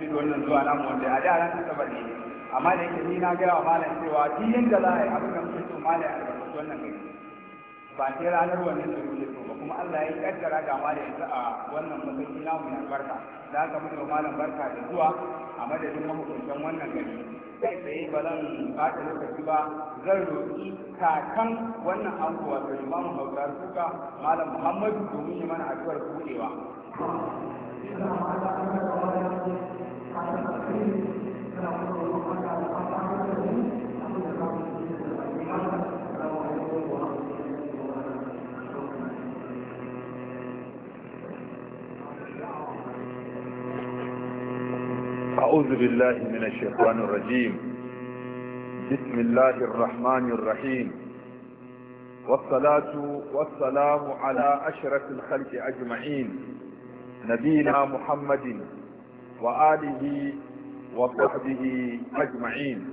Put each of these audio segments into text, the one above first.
tafsir wannan zuwa namu wanda a da ran asabar ne amma da yake ni na gaya wa malam cewa shi duk yanda za a yi abin da muke so malam ya albarkaci wannan gari ba sai ranar wannan da muke so ba kuma Allah ya kaddara ga malam yanzu a wannan matsayi namu na barka da haka muke malam barka da zuwa a madadin mahukuntan wannan gari kai tsaye ba zan bata lokaci ba zan roƙi kakan wannan anguwa da imamu hautar suka malam muhammadu domin yi mana addu'ar buɗewa. Thank you. أعوذ بالله من الشيطان الرجيم بسم الله الرحمن الرحيم والصلاة والسلام على أشرف الخلق أجمعين نبينا محمد وآله وصحبه أجمعين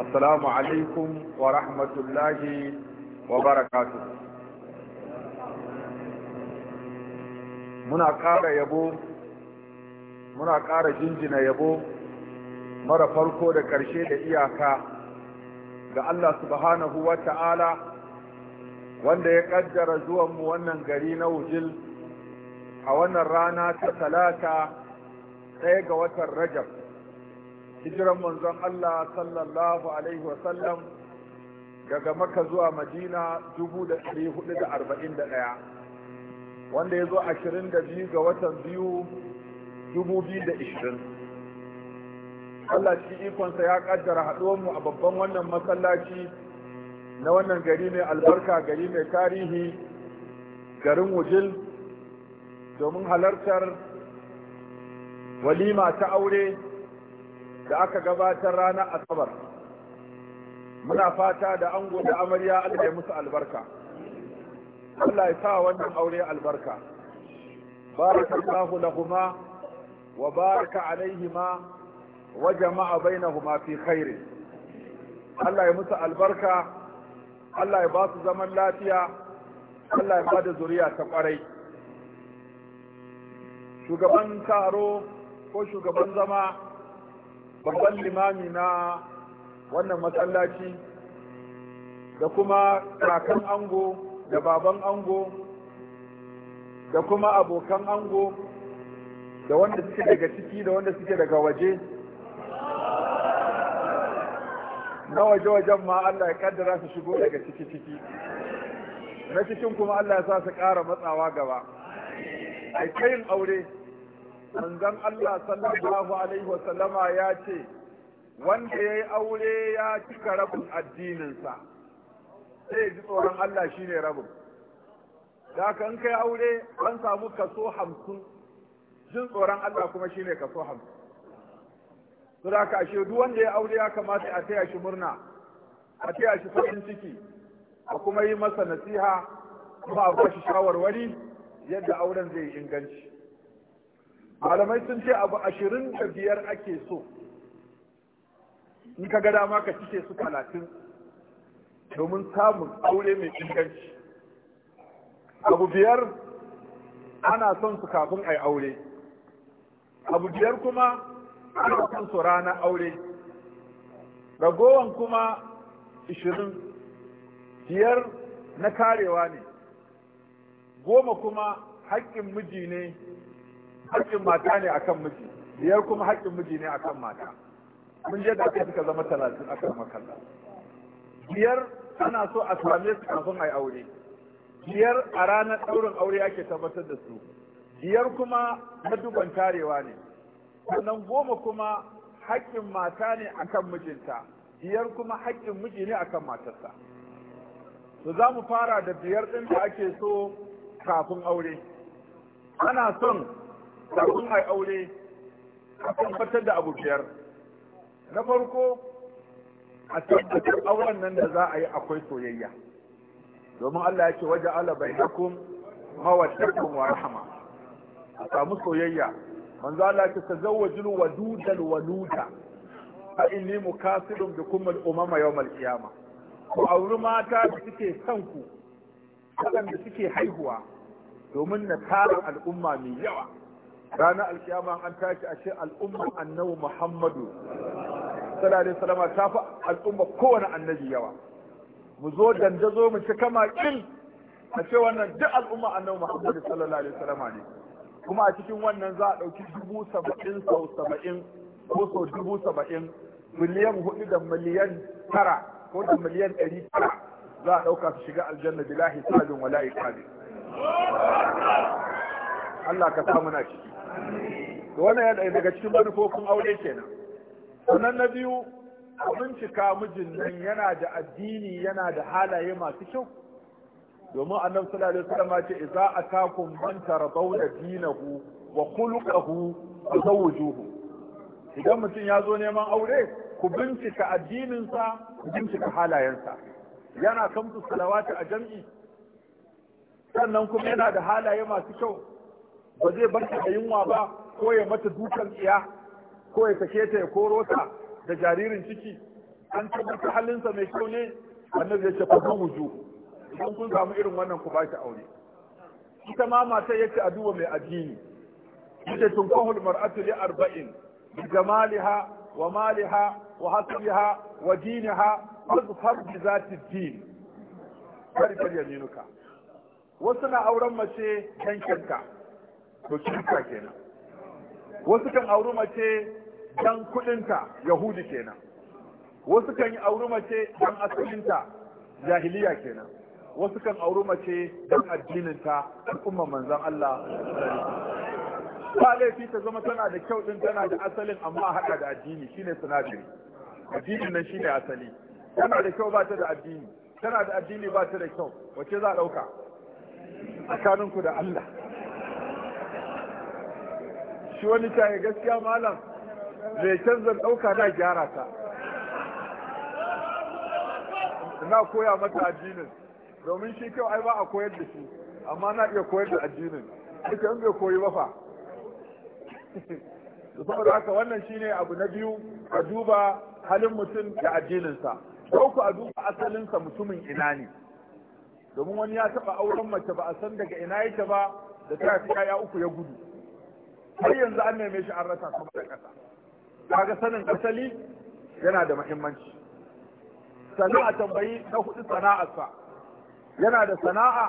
السلام عليكم ورحمة الله وبركاته muna ƙara yabo muna ƙara jinjina yabo mara farko da ƙarshe da iyaka ga Allah subhanahu wa ta'ala wanda ya ƙaddara zuwanmu wannan gari na wujil a wannan rana ta talata ɗaya ga watan rajab hijiran manzon Allah sallallahu alaihi wasallam daga maka zuwa madina dubu da ɗari hudu da arba'in da ɗaya wanda ya zo ashirin da biyu ga watan biyu dubu biyu da ishirin Allah shi ikonsa ya ƙaddara mu a babban wannan masallaci na wannan gari mai albarka gari mai tarihi garin wujil domin halartar walima ta aure da aka gabatar ranar asabar muna fata da ango da amarya Allah ya musu albarka Allah ya sa wannan aure albarka barakallahu lahuma wa baraka alaihima wa jama'a bainahuma fi khairi Allah ya musu albarka Allah ya ba su zaman lafiya Allah ya ba da zuriya ta kwarai shugaban taro ko shugaban zama babban limami na wannan masallaci da kuma kakan ango da baban ango da kuma abokan ango da wanda suke daga ciki da wanda suke daga waje na waje-wajen ma Allah ya kaddara su shigo daga ciki-ciki na cikin kuma Allah ya sa su ƙara matsawa gaba ai kayin aure manzon Allah sallallahu alaihi wa sallama ya ce wanda ya yi aure ya cika rabin addininsa sai ji tsoron Allah shine rabin da kan kai aure an samu kaso hamsin jin tsoron Allah kuma shine kaso hamsin saboda ka ashe duk wanda ya aure ya kamata a taya shi murna a taya shi farin ciki a kuma yi masa nasiha kuma a ba shi shawarwari yadda auren zai inganci malamai sun ce abu ashirin da biyar ake so in ka ga dama ka cike su talatin domin samun aure mai inganci abu biyar ana son su kafin a yi aure abu biyar kuma ana son su rana aure ragowan kuma ishirin biyar na karewa ne goma kuma haƙƙin miji ne haƙƙin mata ne akan miji biyar kuma haƙƙin miji ne akan mata mun je da aka suka zama talatin a kan makalla biyar ana so a same su kafin a yi aure biyar a ranar ɗaurin aure ake tabbatar da su biyar kuma na duban tarewa ne sannan goma kuma haƙƙin mata ne akan mijinta biyar kuma haƙƙin miji ne akan matarsa to za mu fara da biyar ɗin da ake so kafin aure ana son kafin ai aure a tabbatar da abu biyar na farko a tabbatar auren nan da za a yi akwai soyayya domin Allah ya ce waje ala bainakum mawattakum wa rahama a samu soyayya manzo Allah ya ce tazawwajul wadudal waluda fa inni mukasirun bikum al umama yawm al qiyamah ku auri mata da suke son ku waɗanda suke haihuwa domin na tara al'umma mai yawa ranar alkiyama an tashi a ce al'umman annabi muhammadu sallallahu salama, ta fi al'umma kowane annabi yawa mu zo dandazo mu ci kama kin a ce wannan duk al'umma annabi muhammadu sallallahu alaihi wasallam ne kuma a cikin wannan za a ɗauki dubu saba'in sau saba'in ko sau dubu saba'in miliyan hudu da miliyan tara ko da miliyan ɗari tara za a ɗauka su shiga aljanna bila hisabin wala iqabi Allah ka sa muna ciki Da wani yadda daga cikin manufofin aure kenan sannan na biyu bincika mijin nan yana da addini yana da halaye masu kyau domin annabi sallallahu alaihi wasallam ce idza atakum man dina dinahu wa khuluquhu fazawjuhu idan mutum ya zo neman aure ku bincika addininsa ku bincika halayensa yana kamtu salawati a jam'i sannan kuma yana da halaye masu kyau ba zai barka da yunwa ba ko ya mata dukan iya, ko ya sake ta ya koro ta da jaririn ciki an tabbata halinsa mai kyau ne annabi ya ce fa wuju idan kun samu irin wannan ku ba aure ita ma matar yace a mai addini yace tunkahul mar'atu li arba'in bi jamaliha wa maliha wa hasbiha wa diniha azhar bi zati din kar kar yaminuka wasu na auren mace yankinka to kirka kenan wasu kan auri mace dan kudinta yahudi kenan wasu kan auri mace dan asalinta jahiliya kenan wasu kan auri mace dan addininta al'umma manzon Allah ba laifi ta zama tana da kyau din tana da asalin amma haɗa da addini shine sinadari addinin nan shine asali tana da kyau ba ta da addini tana da addini ba ta da kyau wace za a ɗauka tsakaninku da Allah shi wani taye gaskiya malam mai canzan ɗauka na gyara ta na koya mata addinin domin shi kyau ai ba a koyar da shi amma na iya koyar da addinin duka yin bai koyi bafa saboda haka wannan shine abu na biyu a duba halin mutum da addininsa ko ku a duba asalinsa mutumin ina ne domin wani ya taɓa auren mace ba a san daga ina yake ba da ta fi ya uku ya gudu har yanzu an neme shi an rasa kuma da ƙasa kaga sanin asali yana da muhimmanci sana'a tambayi na hudu sana'arsa yana da sana'a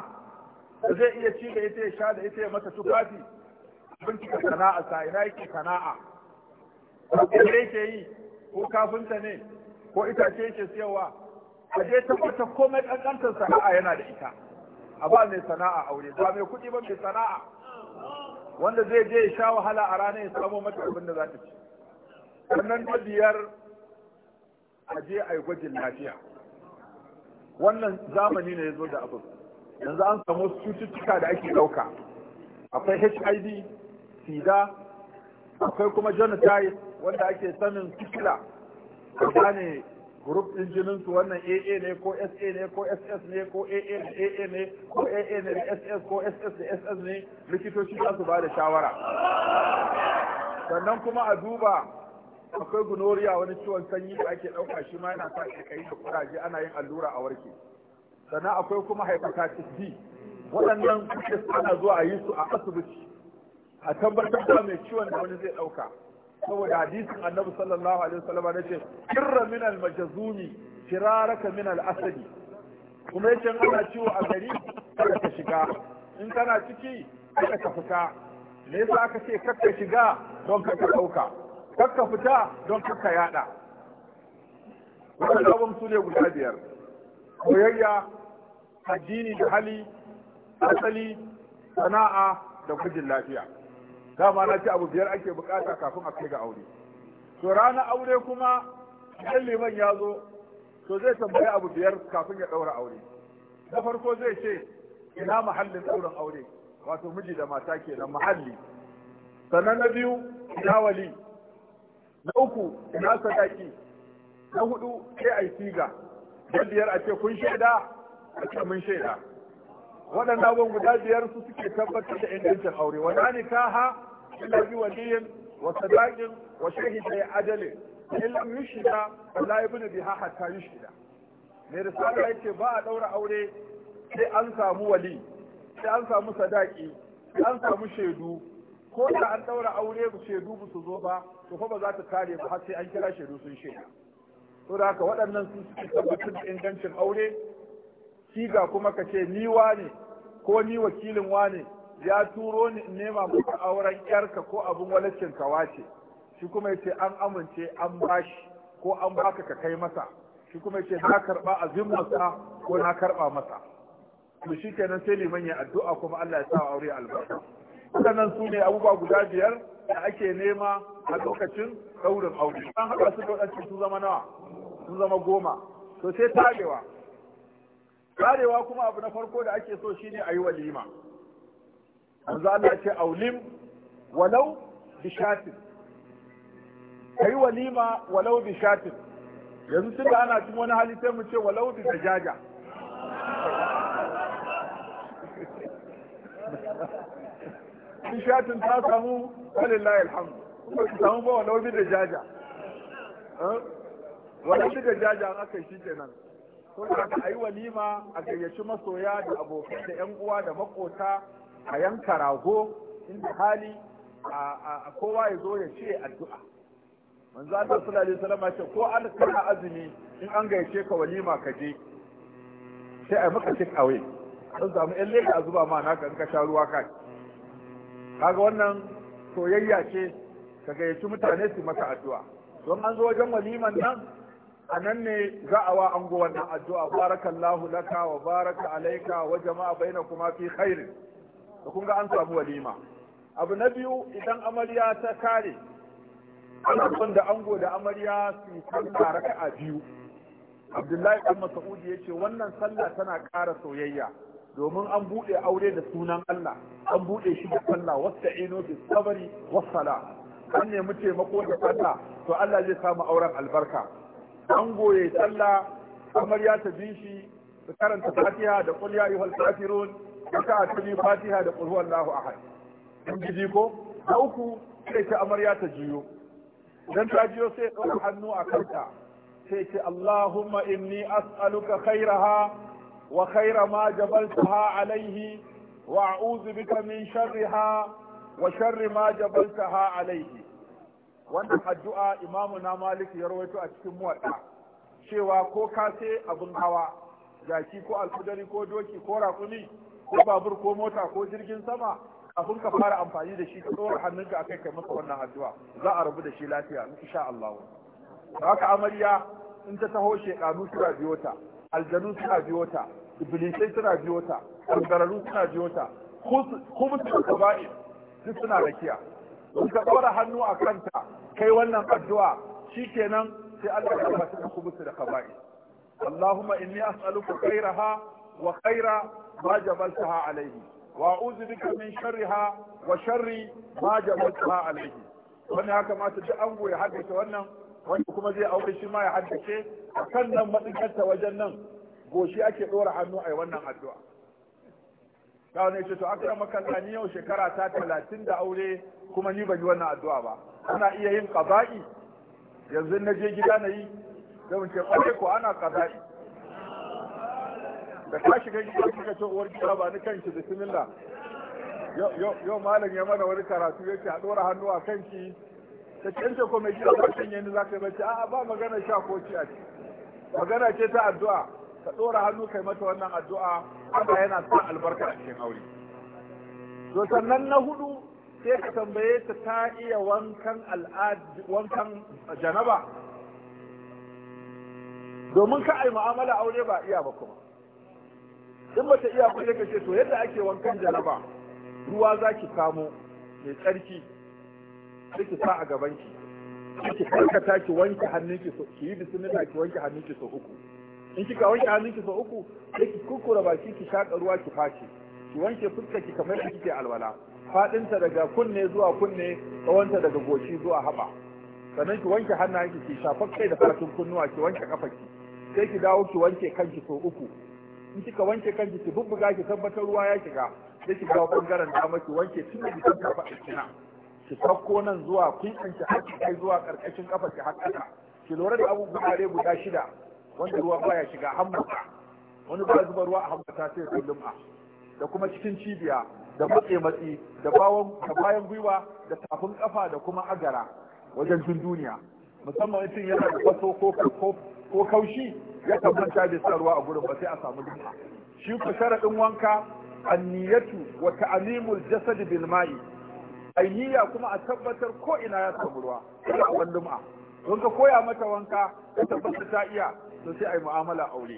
da zai iya ci da ita ya sha da ita ya mata tufafi bincika sana'arsa ina yake sana'a ko yake yi ko kafinta ne ko itace ke siyarwa a je tabbata komai ƙanƙantar sana'a yana da ita a ba mai sana'a aure ba mai kuɗi ba mai sana'a wanda zai je ya sha wahala a ranar ya samo mata abin da za ta ci sannan na biyar a je a yi gwajin lafiya wannan zamani ne ya zo da abin yanzu an samu cututtuka da ake ɗauka akwai hiv sida akwai kuma jonathan wanda ake sanin sikila ka gane group din jinin su wannan AA ne ko SA ne ko SS ne ko AA da AA ne ko AA ne da SS ko SS da SS ne likitoci za su ba da shawara sannan kuma a duba akwai gunoriya wani ciwon sanyi da ake ɗauka shi ma yana sa kai da kuraje ana yin allura a warke sannan akwai kuma hepatitis B waɗannan kuke ana zuwa a yi su a asibiti a tabbatar da mai ciwon da wani zai ɗauka saboda hadisin annabi sallallahu alaihi wasallam ne ce kirra min al majzumi kiraraka min al asadi kuma yace ana ciwo a gari kada ka shiga in kana ciki kada ka fita me yasa aka ce kakka shiga don kakka dauka kakka fita don kakka yada wannan abun su ne guda biyar koyayya addini da hali asali sana'a da kujin lafiya dama na ce abu biyar ake bukata kafin a kai ga aure to ranar aure kuma idan liman ya zo to zai tambayi abu biyar kafin ya ɗaura aure na farko zai ce ina mahallin daurin aure wato miji da mata ke da mahalli sannan na biyu ina wali na uku ina sadaki na hudu sai ai siga da biyar a ce kun shaida a ce mun shaida waɗannan abin guda biyar su suke tabbatar da ingancin aure ta ha? illa bi waliyin wa sadaqin wa shahida adalin in lam yushida la yabnu biha hatta yushida ne risala yace ba a daura aure sai an samu wali sai an samu sadaki sai an samu shaidu ko da an daura aure ba shaidu ba su zo ba to fa ba za ta kare ba har sai an kira shaidu sun shaida to da haka waɗannan su suke tabbatar da ingancin aure shiga kuma ka ce ni ne. ko ni wakilin wane ya turo ni in nema maka auren yarka ko abin walaccin ka wace shi kuma yace an amince an bashi ko an baka ka kai masa shi kuma yace na karba masa ko na karba masa to shikenan sai liman ya addu'a kuma Allah ya sa aure albarka sannan su ne abubuwa guda biyar da ake nema a lokacin daurin aure an haɗa su da waɗansu su zama nawa Su zama goma to sai tagewa karewa kuma abu na farko da ake so shine a yi walima za Allah ce aulim walau bi shatin kai walima walau bishatin yanzu yanzu da ana cin wani hali sai mu ce walau bi dajaja bishatin ta samu walillahi alhamdu kuma ki samu ba walau bi dajaja walau bi dajaja an aka shi kenan ko da a ayi walima a gayyaci masoya da abokai da yan uwa da makota a yanka rago inda hali a kowa ya zo ya ce addu'a manzo Allah sallallahu alaihi wasallam ce ko an kana azumi in an gayyace ka walima ka je sai a maka take away don samu yan leka a zuba ma naka in ka sha ruwa kai kaga wannan soyayya ce ka gayyaci mutane su maka addu'a don an zo wajen waliman nan a nan ne za a wa ango wannan addu'a barakallahu laka wa baraka alaika wa jama'a kuma fi khairin da kun ga an samu walima abu na biyu idan amarya ta kare ana son da ango da amarya su sallah raka'a biyu abdullahi dan mas'ud yace wannan sallah tana ƙara soyayya domin an buɗe aure da sunan Allah an buɗe shi da sallah wasta'inu bis sabri was sala an nemi taimako da sallah to Allah zai samu auren albarka an goye sallah kamar ya tabi shi su karanta fatiha da qul ya ayyuhal kafirun ka ta fatiha da qul huwallahu ahad kun ji ko da uku sai ta amarya ta jiyo dan ta jiyo sai ɗauka hannu a kanta sai ce Allahumma inni as'aluka khairaha wa khaira ma jabaltaha alaihi wa a'udhu bika min sharriha wa sharri ma jabaltaha alaihi wannan addu'a imamu na malik ya rawaito a cikin muwadda cewa ko ka sai abin hawa jaki ko alfudari ko doki ko raƙumi ko babur ko mota ko jirgin sama abin ka fara amfani da shi ka tsohon hannunka akai kai masa wannan addu'a za a rabu da shi lafiya insha Allah haka amarya in ta taho shekaru suna biyo ta aljanu suna biyo ta iblisai suna biyo ta suna biyo ta khubus duk suna rakiya in ka ɗora hannu a kanta kai wannan addu'a shikenan sai Allah ya tabbata da kubusu da kaba'i Allahumma inni as'aluka khairaha wa khaira ma jabaltaha alayhi wa a'udhu bika min sharriha wa sharri ma jabaltaha alayhi wani haka mata duk ango ya haddace wannan wani kuma zai aure shi ma ya haddace a kan nan matsikarta wajen nan goshi ake ɗora hannu a yi wannan addu'a kawo ne ce to akira makalla ni yau shekara ta talatin da aure kuma ni ban yi wannan addu'a ba ana iya yin kaza'i yanzu na je gida na yi da mun ce kwarai ko ana kaza'i da ka shiga gida kika ce uwar gida ba ni kanki bismillah yau malam ya mana wani karatu yake a ɗora hannu a kanki ta ce ko mai gida ba kan yanzu za ka yi bacci a'a ba magana sha ko ci a ci magana ce ta addu'a ka ɗora hannu kai mata wannan addu'a Allah yana sa albarka a cikin aure to sannan na hudu sai ka tambaye ta ta iya wankan al'ad wankan janaba domin ka ai mu'amala aure ba iya ba kuma in ba ta iya ba sai ka ce to yadda ake wankan janaba ruwa za ki kamo mai tsarki sai sa a gabanki ki karkata ki wanke hannunki ki yi bismillah ki wanke hannunki sau uku in kika wanke hannunki sau uku sai ki kukkura baki ki shaƙa ruwa ki kace. ki wanke fuska ki kamar yadda kike alwala faɗinta daga kunne zuwa kunne tsawonta daga goshi zuwa haɓa sannan ki wanke hannayenki ki shafa kai da fatin kunnuwa ki wanke ƙafarki. sai ki dawo ki wanke kanki sau uku in kika wanke kanki ki bubbuga ki tabbatar ruwa ya shiga sai ki dawo bangaren dama ki wanke tun da jikin kafa kina ki sauko nan zuwa kun ki har ki kai zuwa karkashin kafa ki har ki lura da abubuwa guda shida wanda ruwa baya shiga hammata wani ba zuba ruwa a ta sai kullum lum'a da kuma cikin cibiya da matse matsi da bawon da bayan gwiwa da tafin kafa da kuma agara wajen jin duniya musamman mutum yana da kwaso ko kaushi ya tabbata da sa ruwa a gurin ba sai a samu lum'a shi ku sharadin wanka anniyatu wa ta'limul jasad bil ma'i ainiya kuma a tabbatar ko ina ya samu ruwa kada a lum'a don ka koya mata wanka ka tabbata ta iya to sai a yi mu'amala aure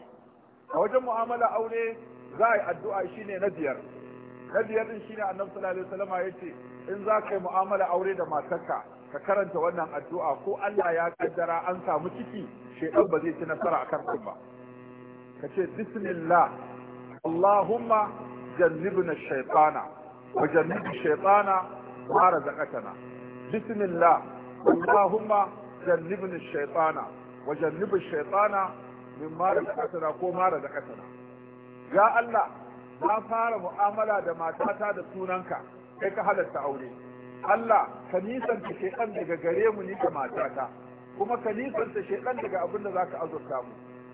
a wajen mu'amala aure za a yi addu'a shine na biyar na biyar din shine annabi sallallahu alaihi wasallam ya ce in za ka yi mu'amala aure da matarka ka karanta wannan addu'a ko Allah ya kaddara an samu ciki shedan ba zai ci nasara akan ku ba ka ce bismillah Allahumma jannibna shaytana wa jannib shaytana ma razaqtana bismillah Allahumma jannibna shaytana nufin shaytana min mara da kasana ko mara da kasana ya Allah na fara mu'amala da matata da sunanka kai ka halatta aure Allah ka nisanta shaytan daga gare mu ni da matata kuma ka nisanta shaytan daga abin da zaka azurta mu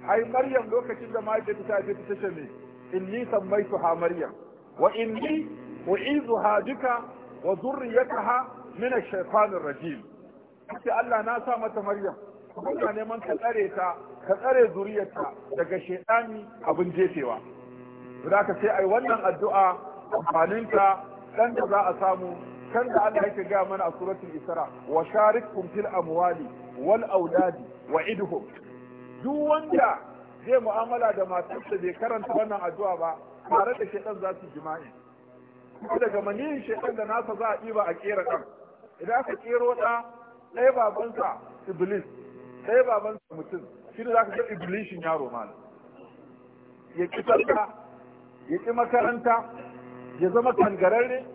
ai Maryam lokacin da mahaifiyarta ta haife ta ce me inni sammaituha Maryam wa inni u'izuha bika wa dhurriyyataha min ash-shaytanir rajim sai Allah na sa mata Maryam Kuna neman ka tsare ta ka tsare zuriyarta daga shaidani abin jefewa za ka sai ai wannan addu'a amfaninta dan da za a samu kan da Allah yake gaya mana a suratul isra wa sharikum fil amwali wal auladi wa idhum duk wanda zai mu'amala da matarsa bai karanta wannan addu'a ba tare da shaidan za su jima'i kuma daga maniyin shaidan da nasa za a ɗiba a kera kan idan aka kero ɗa ɗaya babansa iblis sai baban sa mutum shi ne ka ga iblishin yaro malam ya ƙi ya ƙi makaranta ya zama kangararre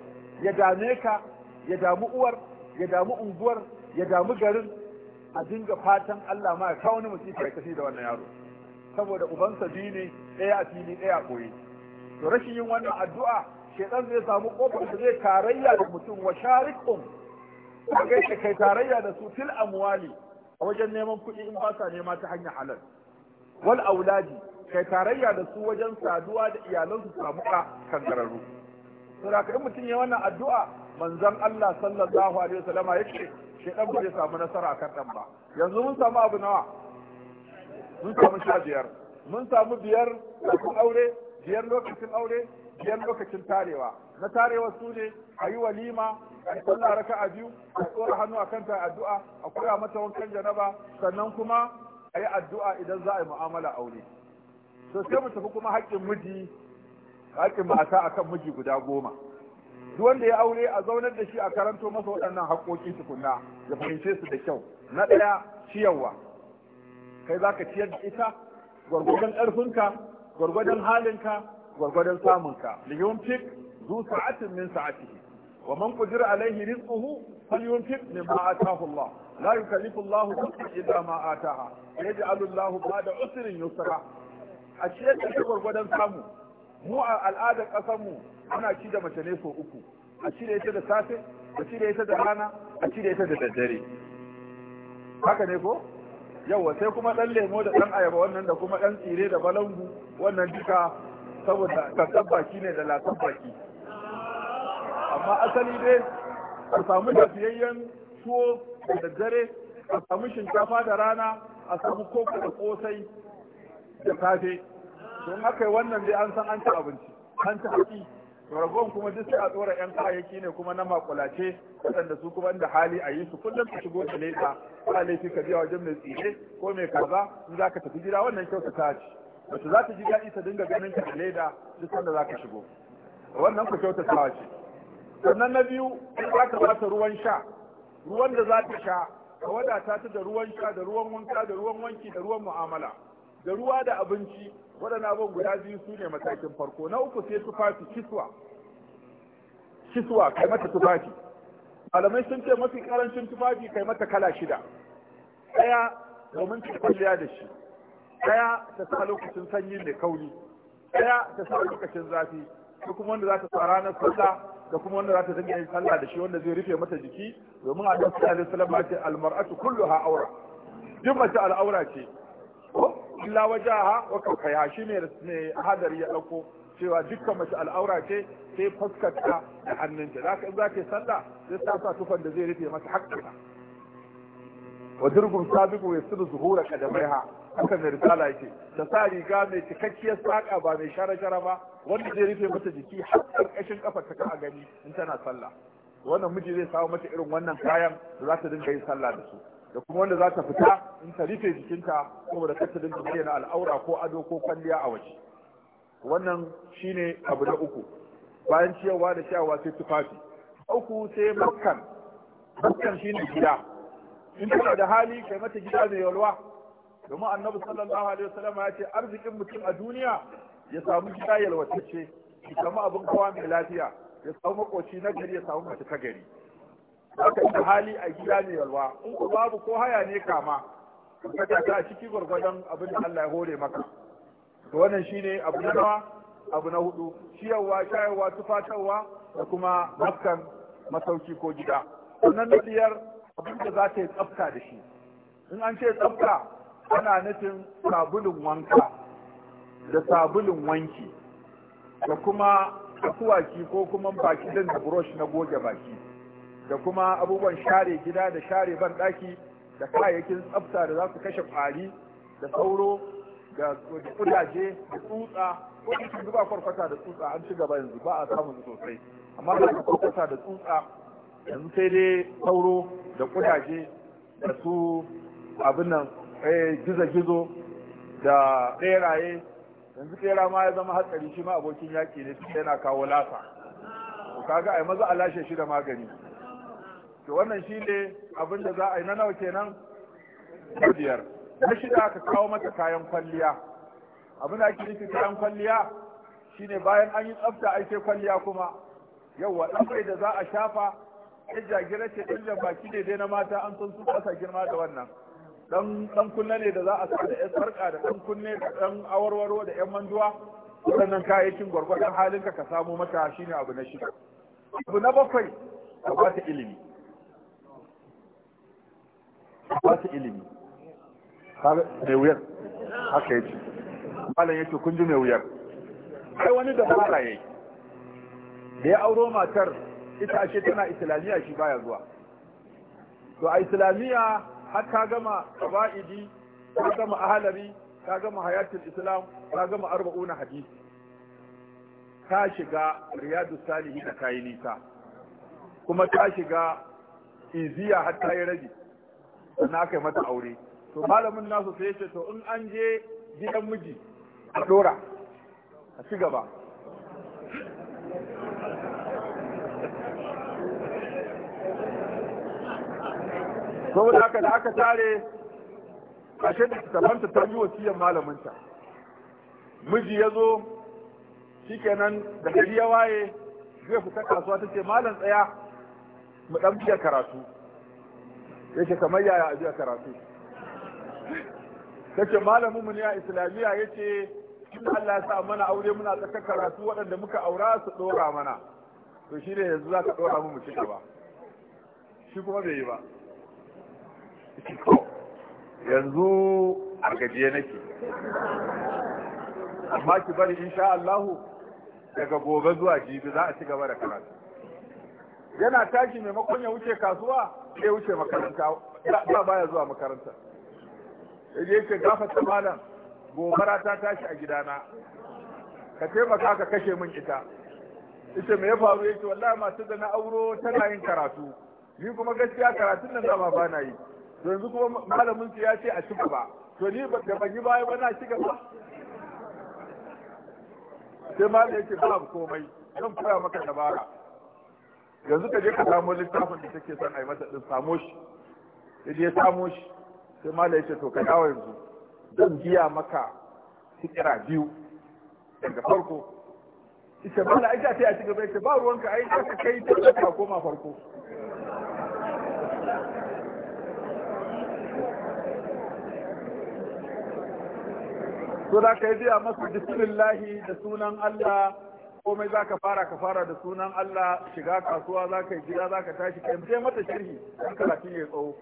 ya dame ka ya damu uwar ya damu unguwar ya damu garin a dinga fatan Allah ma ya kawo ni ya kashe da wannan yaro saboda ubansa biyu ne ɗaya a fili ɗaya a koyi to rashin yin wannan addu'a shedan zai samu kofar da zai tarayya da mutum wa sharikum kai kai tarayya da su til amwali a wajen neman kuɗi in ba sa nema ta hanyar halal wal auladi kai tarayya da su wajen saduwa da iyalansu samu ka kangararru saboda in mutum ya wannan addu'a manzon Allah sallallahu alaihi wasallama yake shi dan bai samu nasara akan dan ba yanzu mun samu abu nawa mun samu sha biyar mun samu biyar kafin aure biyar lokacin aure biyar lokacin tarewa na tarewa su ne a yi walima a raka raka'a biyu a tsora hannu akan ta addu'a a koya mata wankan janaba sannan kuma a addu'a idan za a yi mu'amala aure to sai mu tafi kuma haƙƙin miji haƙƙin mata akan miji guda goma duk wanda ya aure a zaunar da shi a karanto masa waɗannan haƙoƙi tukunna ya fahimce su da kyau na ɗaya ciyarwa kai zaka ciyar da ita gwargwadon ƙarfinka gwargwadon halinka gwargwadon samunka liyunfik zu sa'atin min sa'atihi ومن قدر عليه رزقه فلينفق مما آتاه الله لا يكلف الله نفسا إلا ما آتاها يجعل الله بعد عسر يسرا ashe da shi gwargwadon samu mu a al'adar ƙasar mu ana ci da mace ne so uku a cire ita da safe a cire ita da rana a cire ta da daddare haka ne ko yawa sai kuma ɗan lemo da ɗan ayaba wannan da kuma ɗan tsire da balangu wannan duka saboda kasan baki ne da lasan baki amma asali dai a samu lafiyayyen tuwo da daddare a samu shinkafa da rana a samu koko da kosai da safe don haka yi wannan dai an san an ci abinci an ci haƙi ragon kuma duk sai a tsora yan kayayyaki ne kuma na makulace waɗanda su kuma inda hali a yi su kullum ka shigo da leta ba laifi ka biya wajen mai tsire ko mai kaza in za ka tafi gida wannan kyau ta ci za ta ji daɗi ta dinga ganin ka da leda duk sanda za ka shigo wannan ku kyau ta ce sannan na biyu in za ka bata ruwan sha ruwan da za ta sha ka wadata ta da ruwan sha da ruwan wanka da ruwan wanki da ruwan mu'amala da ruwa da abinci waɗannan abubuwan guda biyu su ne matakin farko na uku sai tufafi kiswa kiswa kai mata tufafi malamai sun ce mafi karancin tufafi kai mata kala shida ɗaya domin ta kwalliya da shi ɗaya ta sa lokacin sanyi mai kauri ɗaya ta sa lokacin zafi Kuma wanda za ta sa ranar sallah da kuma wanda za ta dinga yin sallah da shi wanda zai rufe mata jiki domin a ɗan sallah alaihi wasallam ce al-mar'atu kulluha aura duk mace al'aura ce illa wajaha wa kawkaya shi ne ne hadari ya dauko cewa dukkan mace al'aura ce sai fuskarta da hannunta za ka in sallah sai ta sa tufan da zai rufe mata haƙƙinta wa dirgun sabiqu yasiru zuhura kadamaiha Hakan mai risala yake ta sa riga mai cikakkiyar saƙa ba mai shara-shara ba wanda zai rufe mata jiki har ƙarƙashin ƙafar ta kan a gani in tana sallah wannan miji zai samu mata irin wannan kayan da za ta dinga yin sallah da su da kuma wanda za ta fita in ta rufe jikinta saboda kar ta dinga bayyana al'aura ko ado ko kwalliya a waje wannan shine abu na uku bayan ciyarwa da ciyarwa sai tufafi uku sai makkan makkan shine gida in tana da hali kai mata gida mai yalwa domin annabi sallallahu alaihi wasallam ya ce arzikin mutum a duniya ya samu gida yalwatacce ya samu abin kawa mai lafiya ya samu makoci na gari ya samu mace ta gari haka ita hali a gida mai yalwa in ku babu ko haya ne kama ka ta ciki gwargwadon abin da Allah ya hore maka to wannan shine abu na nawa abu na hudu ciyarwa shayarwa tufatarwa da kuma maskan masauki ko gida sannan na biyar abin da za ta yi tsafta da shi in an ce tsafta ana nufin sabulun wanka da sabulun wanki da kuma asuwaki ko kuma baki don da brush na goge baki da kuma abubuwan share gida da share ban daki da kayayyakin tsafta da za su kashe kwari da sauro da kudaje da tsutsa ko yanzu zuba kwarkwata da tsutsa an ci gaba yanzu ba a samun sosai amma da kwarkwata da tsutsa yanzu sai dai sauro da kudaje da su abin nan Eh, gizo-gizo da beraye yanzu ɓera ma ya zama hatsari shi ma abokin yaki ne yana kawo lasa kaga ai maza a shi da magani to wannan shi ne abin da za a yi na nawa kenan biyar na shida aka kawo mata kayan kwalliya abin da ake nufi kayan kwalliya shine bayan an yi tsafta ai sai kwalliya kuma yawwa ɗan da za a shafa ya jagira ce ɗan baki daidai na mata an san su ƙasa girma da wannan dan kunne ne da za a sa da yan sarka da dan kunne da dan awarwaro da yan manduwa waɗannan kayayyakin gwargwadon halinka ka samu mata shine abu na shida abu na bakwai ka ba ta ilimi ka ba ta ilimi mai wuyar haka ya ce malam yake kun ji mai wuyar kai wani da fara yayi da ya auro matar ita ce tana islamiyya shi baya zuwa to a islamiyya har ka gama aba'idi ka gama ahalari ka gama hayatul islam ka gama arba'una hadisi ka shiga riyadu salihi da kayi nisa kuma ta shiga iziya har ta yi rabi sannan aka mata aure to malamin nasu sai ce to in an je gidan miji a dora a ci gaba saboda haka da aka tare ashe da tafanta ta yi wasiyar malaminta miji ya zo shi shikenan da gari ya waye zai fita kasuwa ta ce malam tsaya mu dan biya karatu yake kamar yaya a biya karatu ce malamin mu ne a islamiyya ya yace in Allah ya sa mana aure muna tsakar karatu waɗanda muka aura su ɗora mana to shi ne yanzu za ka ɗora mu mu ci gaba shi kuma bai yi ba yanzu a gajiye nake amma ki bari insha Allahu daga gobe zuwa jibi za a ci gaba da karatu yana tashi maimakon ya wuce kasuwa sai wuce makaranta ba baya zuwa makaranta sai yake ta malam gobara ta tashi a gidana ka taimaka ka kashe min ita ita me ya faru yake wallahi masu da na auro tana yin karatu ni kuma gaskiya karatun nan zama ba na yi yanzu kuma malamin su ya ce a cika ba, to ni da ban yi baya ba na shiga ba. sai ma da yake ba komai zan koya maka dabara yanzu ka je ka samu littafin da take son a yi din samo shi sai ya samo shi sai ma da yake to ka dawo yanzu zan biya maka sikira biyu daga farko ita ba na aika sai a ci gaba ita ba ruwanka ai ka kai ta koma farko so za ka yi zuwa masu bismillahi da sunan Allah komai za ka fara ka fara da sunan Allah shiga kasuwa za ka yi gida za ka tashi ka yi mata shirhi kan karatun ya tsawo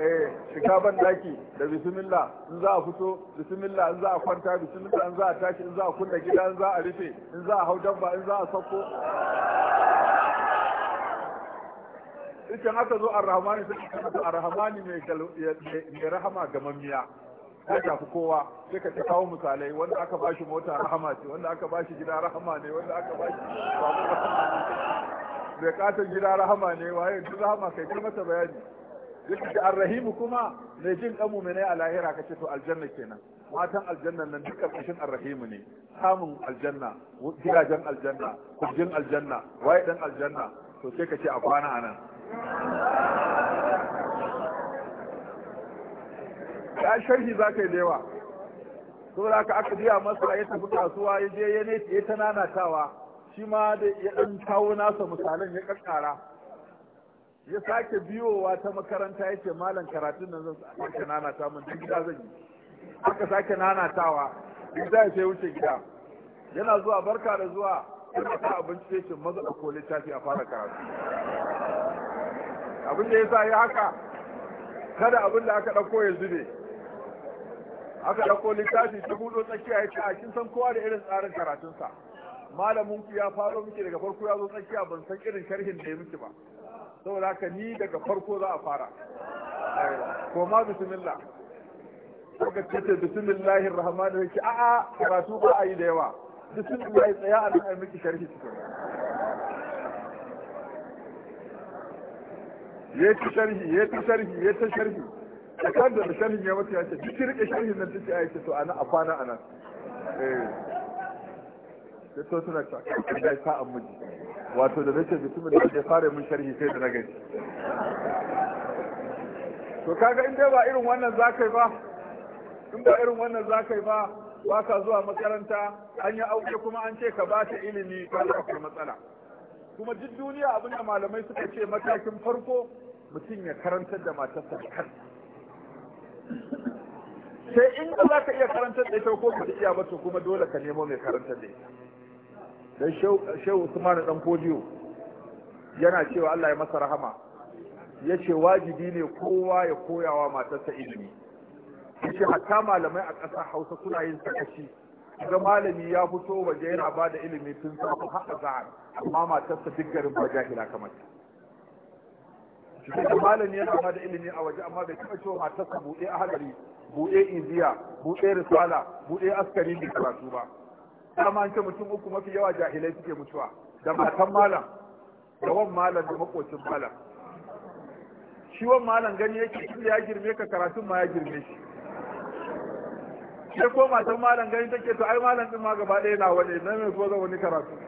eh shiga ban daki da bismillah in za a fito bismillah in za a kwanta bismillah in za a tashi in za a kunna gida in za a rufe in za a hau dabba in za a sauko idan aka zo ar-rahmani sai ka ar-rahmani mai rahama ga mamiya ya shafi kowa sai ka ta kawo misalai wanda aka ba shi mota rahama ce wanda aka ba shi gida rahama ne wanda aka ba shi babu rahama ne katon gida rahama ne waye duk rahama kai ta masa bayani Duk da arrahimu kuma mai jin kan mu'minai a lahira kace to aljanna kenan matan aljanna nan duk karkashin arrahimu ne samun aljanna gidajen aljanna kujin aljanna waye dan aljanna to sai ka ce a kwana anan ya sharhi za ka yi da yawa to da aka aka biya masa ya tafi kasuwa ya je ya ne ya ta nanatawa shi ma da ya dan kawo nasa misalan ya kakkara ya sake biyowa ta makaranta ya ce malam karatun nan zan sake nanata min duk gida zan yi aka sake nanatawa duk da ya wuce gida yana zuwa barka da zuwa yana ta abinci ya ce maza a kole tafi a fara karatu abin da ya sa ya haka kada abin da aka ɗauko ya zube aka dauko littafi ta budo tsakiya ya ce a kin san kowa da irin tsarin karatunsa malamin ku ya faro miki daga farko ya zo tsakiya ban san irin sharhin da ya miki ba saboda haka ni daga farko za a fara ko ma bismillah daga cikin bismillahir rahmanir rahim a'a karatu ba a yi da yawa bismillah tsaya a nan miki sharhi cikin yayi sharhi yayi sharhi yayi sharhi da kan da sharhin ya mutu ya ce duk shi rike sharhin nan take ya ce to ana a kwana anan eh sai to suna ta kai ta an miji wato da nace mutumin da ya fara mun sharhi sai da na gani to kaga in dai ba irin wannan zakai ba in ba irin wannan zakai ba ba ka zuwa makaranta an yi auke kuma an ce ka ba ta ilimi ka akwai matsala kuma duk duniya abin da malamai suka ce matakin farko mutum ya karantar da matarsa da kansa sai in ba za ka iya karantar da ita ko ka iya ba to kuma dole ka nemo mai karantar da ita dan shehu Usman dan Kodiyo yana cewa Allah ya masa rahama ce wajibi ne kowa ya koyawa matarsa ilimi Ya ce hatta malamai a ƙasar Hausa suna yin sakaci ga malami ya fito waje yana ba da ilimi tun safa haɗa za'a amma matarsa duk garin ba jahila kamar ta sai da malami yana ba da ilimi a waje amma bai taɓa cewa matarsa buɗe hadari buɗe iziya buɗe risala buɗe askari da karatu ba dama an ce mutum uku mafi yawa jahilai suke mutuwa da matan malam da wan malam da makocin malam shi wan malam gani yake tun ya girme ka karatun ma ya girme shi sai ko matan malam gani take to ai malam din ma gaba ɗaya na wani na mai ko wani karatu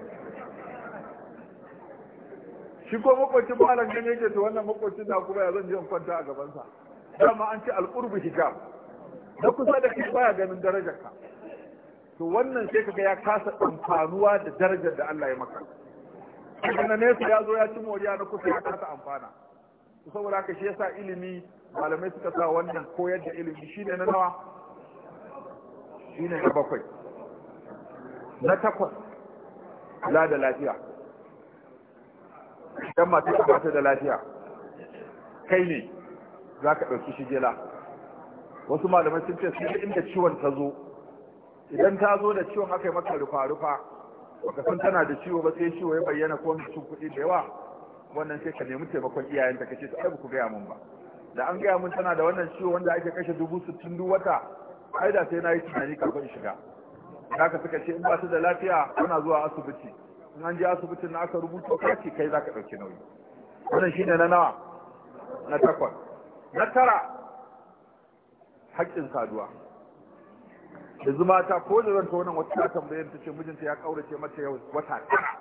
shi ko makwacin malam gani yake to wannan makwacin da kuma ya zan kwanta a gabansa dama an ce al'urbu hijab na kusa da kai baya ganin darajar ka to wannan sai kaga ya kasa amfanuwa da darajar da Allah ya maka kaga na nesa ya zo ya ci moriya na kusa ya kasa amfana saboda haka shi yasa ilimi malamai suka sa wannan koyar da ilimi shine na nawa shine na bakwai na takwas kula da lafiya dan masu ta ba da lafiya kai ne za ka ɗauki shigela wasu malamai sun ce sai inda ciwon ta zo idan ta zo da ciwon aka yi maka rufa-rufa baka san tana da ciwo ba sai ciwo ya bayyana ko mai cin kuɗi da yawa wannan sai ka nemi taimakon iyayenta ka ce sai ku gaya mun ba da an gaya mun tana da wannan ciwo wanda ake kashe dubu sittin duk wata ai da sai na yi tunani kafin shiga haka suka ce in ba su da lafiya ana zuwa asibiti in an je asibitin na aka rubuta kati kai za ka ɗauki nauyi wannan shine na nawa na takwas na tara haƙƙin saduwa yanzu mata ko da zan wannan wata ta tambayar ta ce mijinta ya ƙaurace mata yau wata tara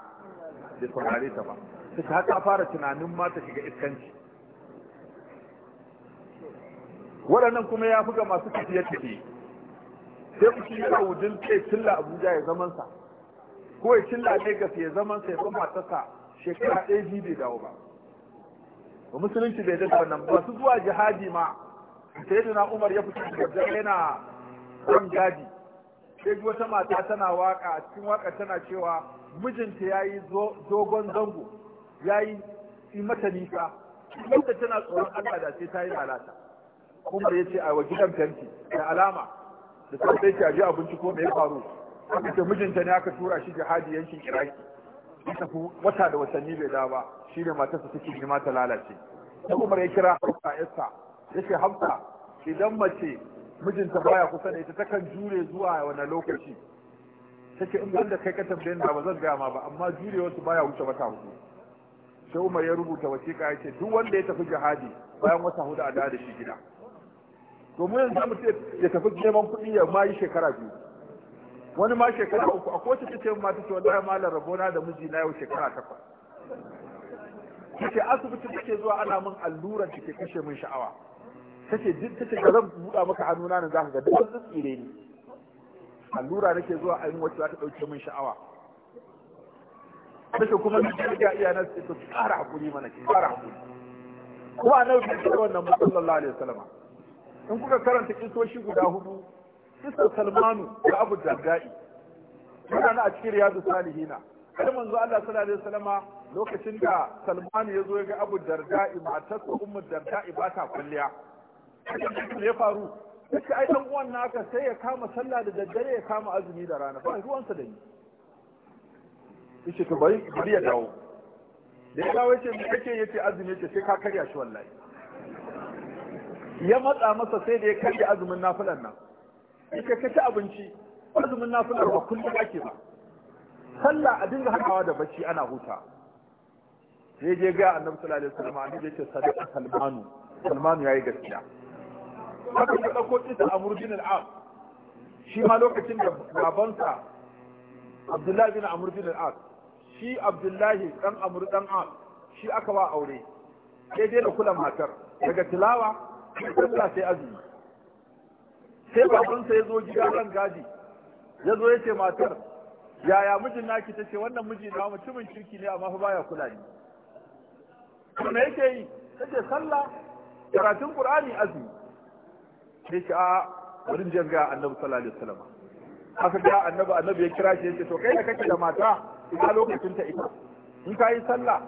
da saurare ta ba ta fara tunanin mata shiga iskanci Wadannan kuma ya fi ga masu tafiye-tafiye sai ku yi a wujin kai tilla abuja ya zaman sa. ko ya cilla Legas ya zaman sai ya matarsa shekara ɗaya biyu bai dawo ba ba musulunci bai daɗa wannan ba su zuwa jihadi ma sai na umar ya fito daga yana ɗan gadi sai wata mata tana waka a cikin waka tana cewa mijinta ya yi dogon zango ya yi mata nisa wanda tana tsoron Allah da sai ta yi lalata kuma ya ce a wa gidan fenti da alama da sai ta ji abinci ko mai faru aka ke mijinta ne aka tura shi jihadi yankin iraki ya ku wata da watanni bai dawa shi ne matarsa take nema ta lalace sai umar ya kira hafsa ya ce hafsa idan mace mijinta baya kusa da ita takan jure zuwa wani lokaci take in wanda kai ka tambaye ba zan gaya ma ba amma jurewar su baya wuce wata hudu sai umar ya rubuta wasiƙa ya ce duk wanda ya tafi jihadi bayan wata hudu a da shi gida domin yanzu mu ce ya tafi neman kuɗi ya ma yi shekara biyu wani ma shekara uku a kowace ta ce ma ta ce wallahi malam rabona da miji na yau shekara takwas ce asibiti ke zuwa ana min alluran da ke kashe min sha'awa ce duk ce ga zan buɗa maka na za ka ga duk wani tsire ni allura na ke zuwa a yin wacce za ta ɗauke min sha'awa Ta ce kuma duk da iya na su tsara hakuri mana ki tsara hakuri kuma a nan ta ce wannan sallallahu alaihi salama. in kuka karanta kisoshi guda hudu kisan salmanu da abu dardai yana na a cikin riyadu salihina kai manzo Allah sallallahu alaihi wasallama lokacin da salmanu ya zo ya ga abu dardai matarsa ummu dardai ba ta kulliya me ya faru sai ai dan uwan naka sai ya kama sallah da daddare ya kama azumi da rana ba ruwansa da ni yace to bari bari ya dawo da ya dawo yace me kake yace azumi yace sai ka karya shi wallahi ya matsa masa sai da ya karya azumin nafilan nan ka kaci abinci azumin nafilar ba kullum ake ba sallah a dinga hakawa da bacci ana huta sai je ga annabi sallallahu alaihi wasallam annabi yace sadaqa salmanu salmanu yayi gaskiya haka ka dauko kisa amr bin al shi ma lokacin da babansa abdullahi bin amr al'am shi abdullahi dan amur dan as shi aka ba aure sai dai da kula matar daga tilawa sai sai azumi sai babansa ya zo gida ran gadi ya zo ya ce matar yaya mijin naki ta ce wannan miji na mutumin kirki ne amma fa baya kula ni kuma yake yi ta ce sallah karatun qur'ani azumi sai ce a wurin jin ga annabi sallallahu alaihi wasallam aka ga annabi annabi ya kira shi yace to kai da kake da mata ina lokacin ta ita in ka yi sallah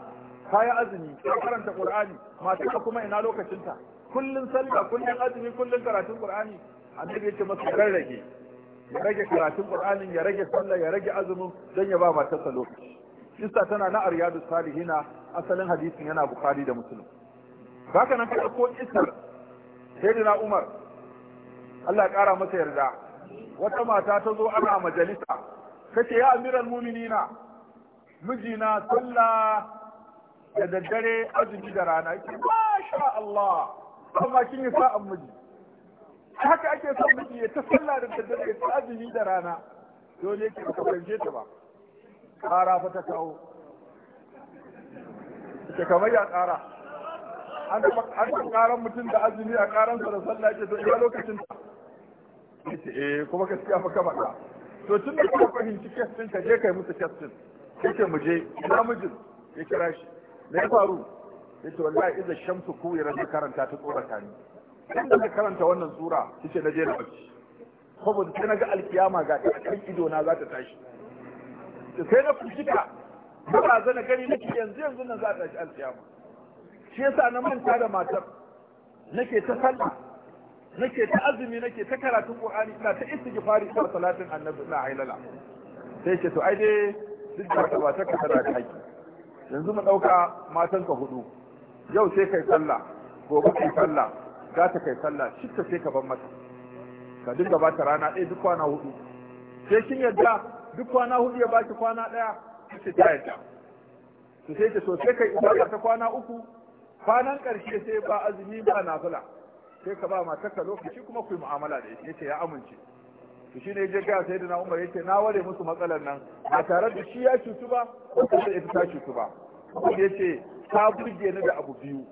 ka yi azumi ka karanta qur'ani mata kuma ina lokacin ta kullun sallah kullun azumi kullun karatun qur'ani annabi yake masa rarrage ya rage karatun qur'anin ya rage sallah ya rage azumin dan ya ba matarsa lokaci kissa tana na aryadu salihina asalin hadisin yana bukhari da muslim haka nan ka ko isar sayyidina umar Allah ya kara masa yarda wata mata ta zo ana majalisa kace ya amiral mu'minina mijina sallah da daddare azumi da rana yake masha Allah amma kin yi sa'an miji haka ake son mutum ya ta sallah da daddare ya ta azumi da rana dole ke ka fahimce ta ba Kara fa ta kawo ke kamar ya ƙara an ta karan mutum da azumi a ƙaransa da sallah ke to iya lokacin ta eh kuma gaskiya fa kama ka to tun da ka fahimci kestin ka je kai musu kyastin kike mu je ina ya kira shi me ya faru yace wallahi idan shamsu kuwirat karanta ta tsorata ni kan da karanta wannan sura ce na je na bacci saboda sai na ga alkiyama ga ta kan ido na za ta tashi sai na fushika ba zana gani na yanzu yanzu nan za ta tashi alkiyama shi yasa na manta da matar nake ta sallah nake ta azumi nake ta karatun qur'ani ina ta istighfari ina salatin annabi ina hailala sai ce to ai dai duk da ka ba ta ka tana da yanzu mu dauka matan ka hudu yau sai kai sallah gobe kai sallah za ta kai sallah shikka sai ka ban mata ka dinga ba ta rana ɗaya duk kwana hudu sai kin yadda duk kwana hudu ya baki kwana ɗaya sai ta yadda to sai ta so sai kai ibada ta kwana uku kwanan ƙarshe sai ba azumi ba nafila sai ka ba ka lokaci kuma ku yi mu'amala da ita yace ya amince to shine ya je da sayyidina Umar yace na ware musu matsalar nan ba tare da shi ya cutu ba ko da ita ta cutu ba yace ta burge ni da abu biyu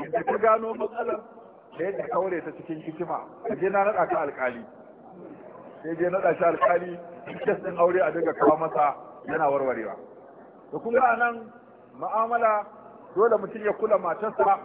yadda ta gano matsalar da yadda kaure ta cikin hikima a je na naɗa ta alƙali sai je naɗa shi alƙali kes ɗin aure a daga kawo masa yana warwarewa da kuma a nan ma'amala dole mutum ya kula matarsa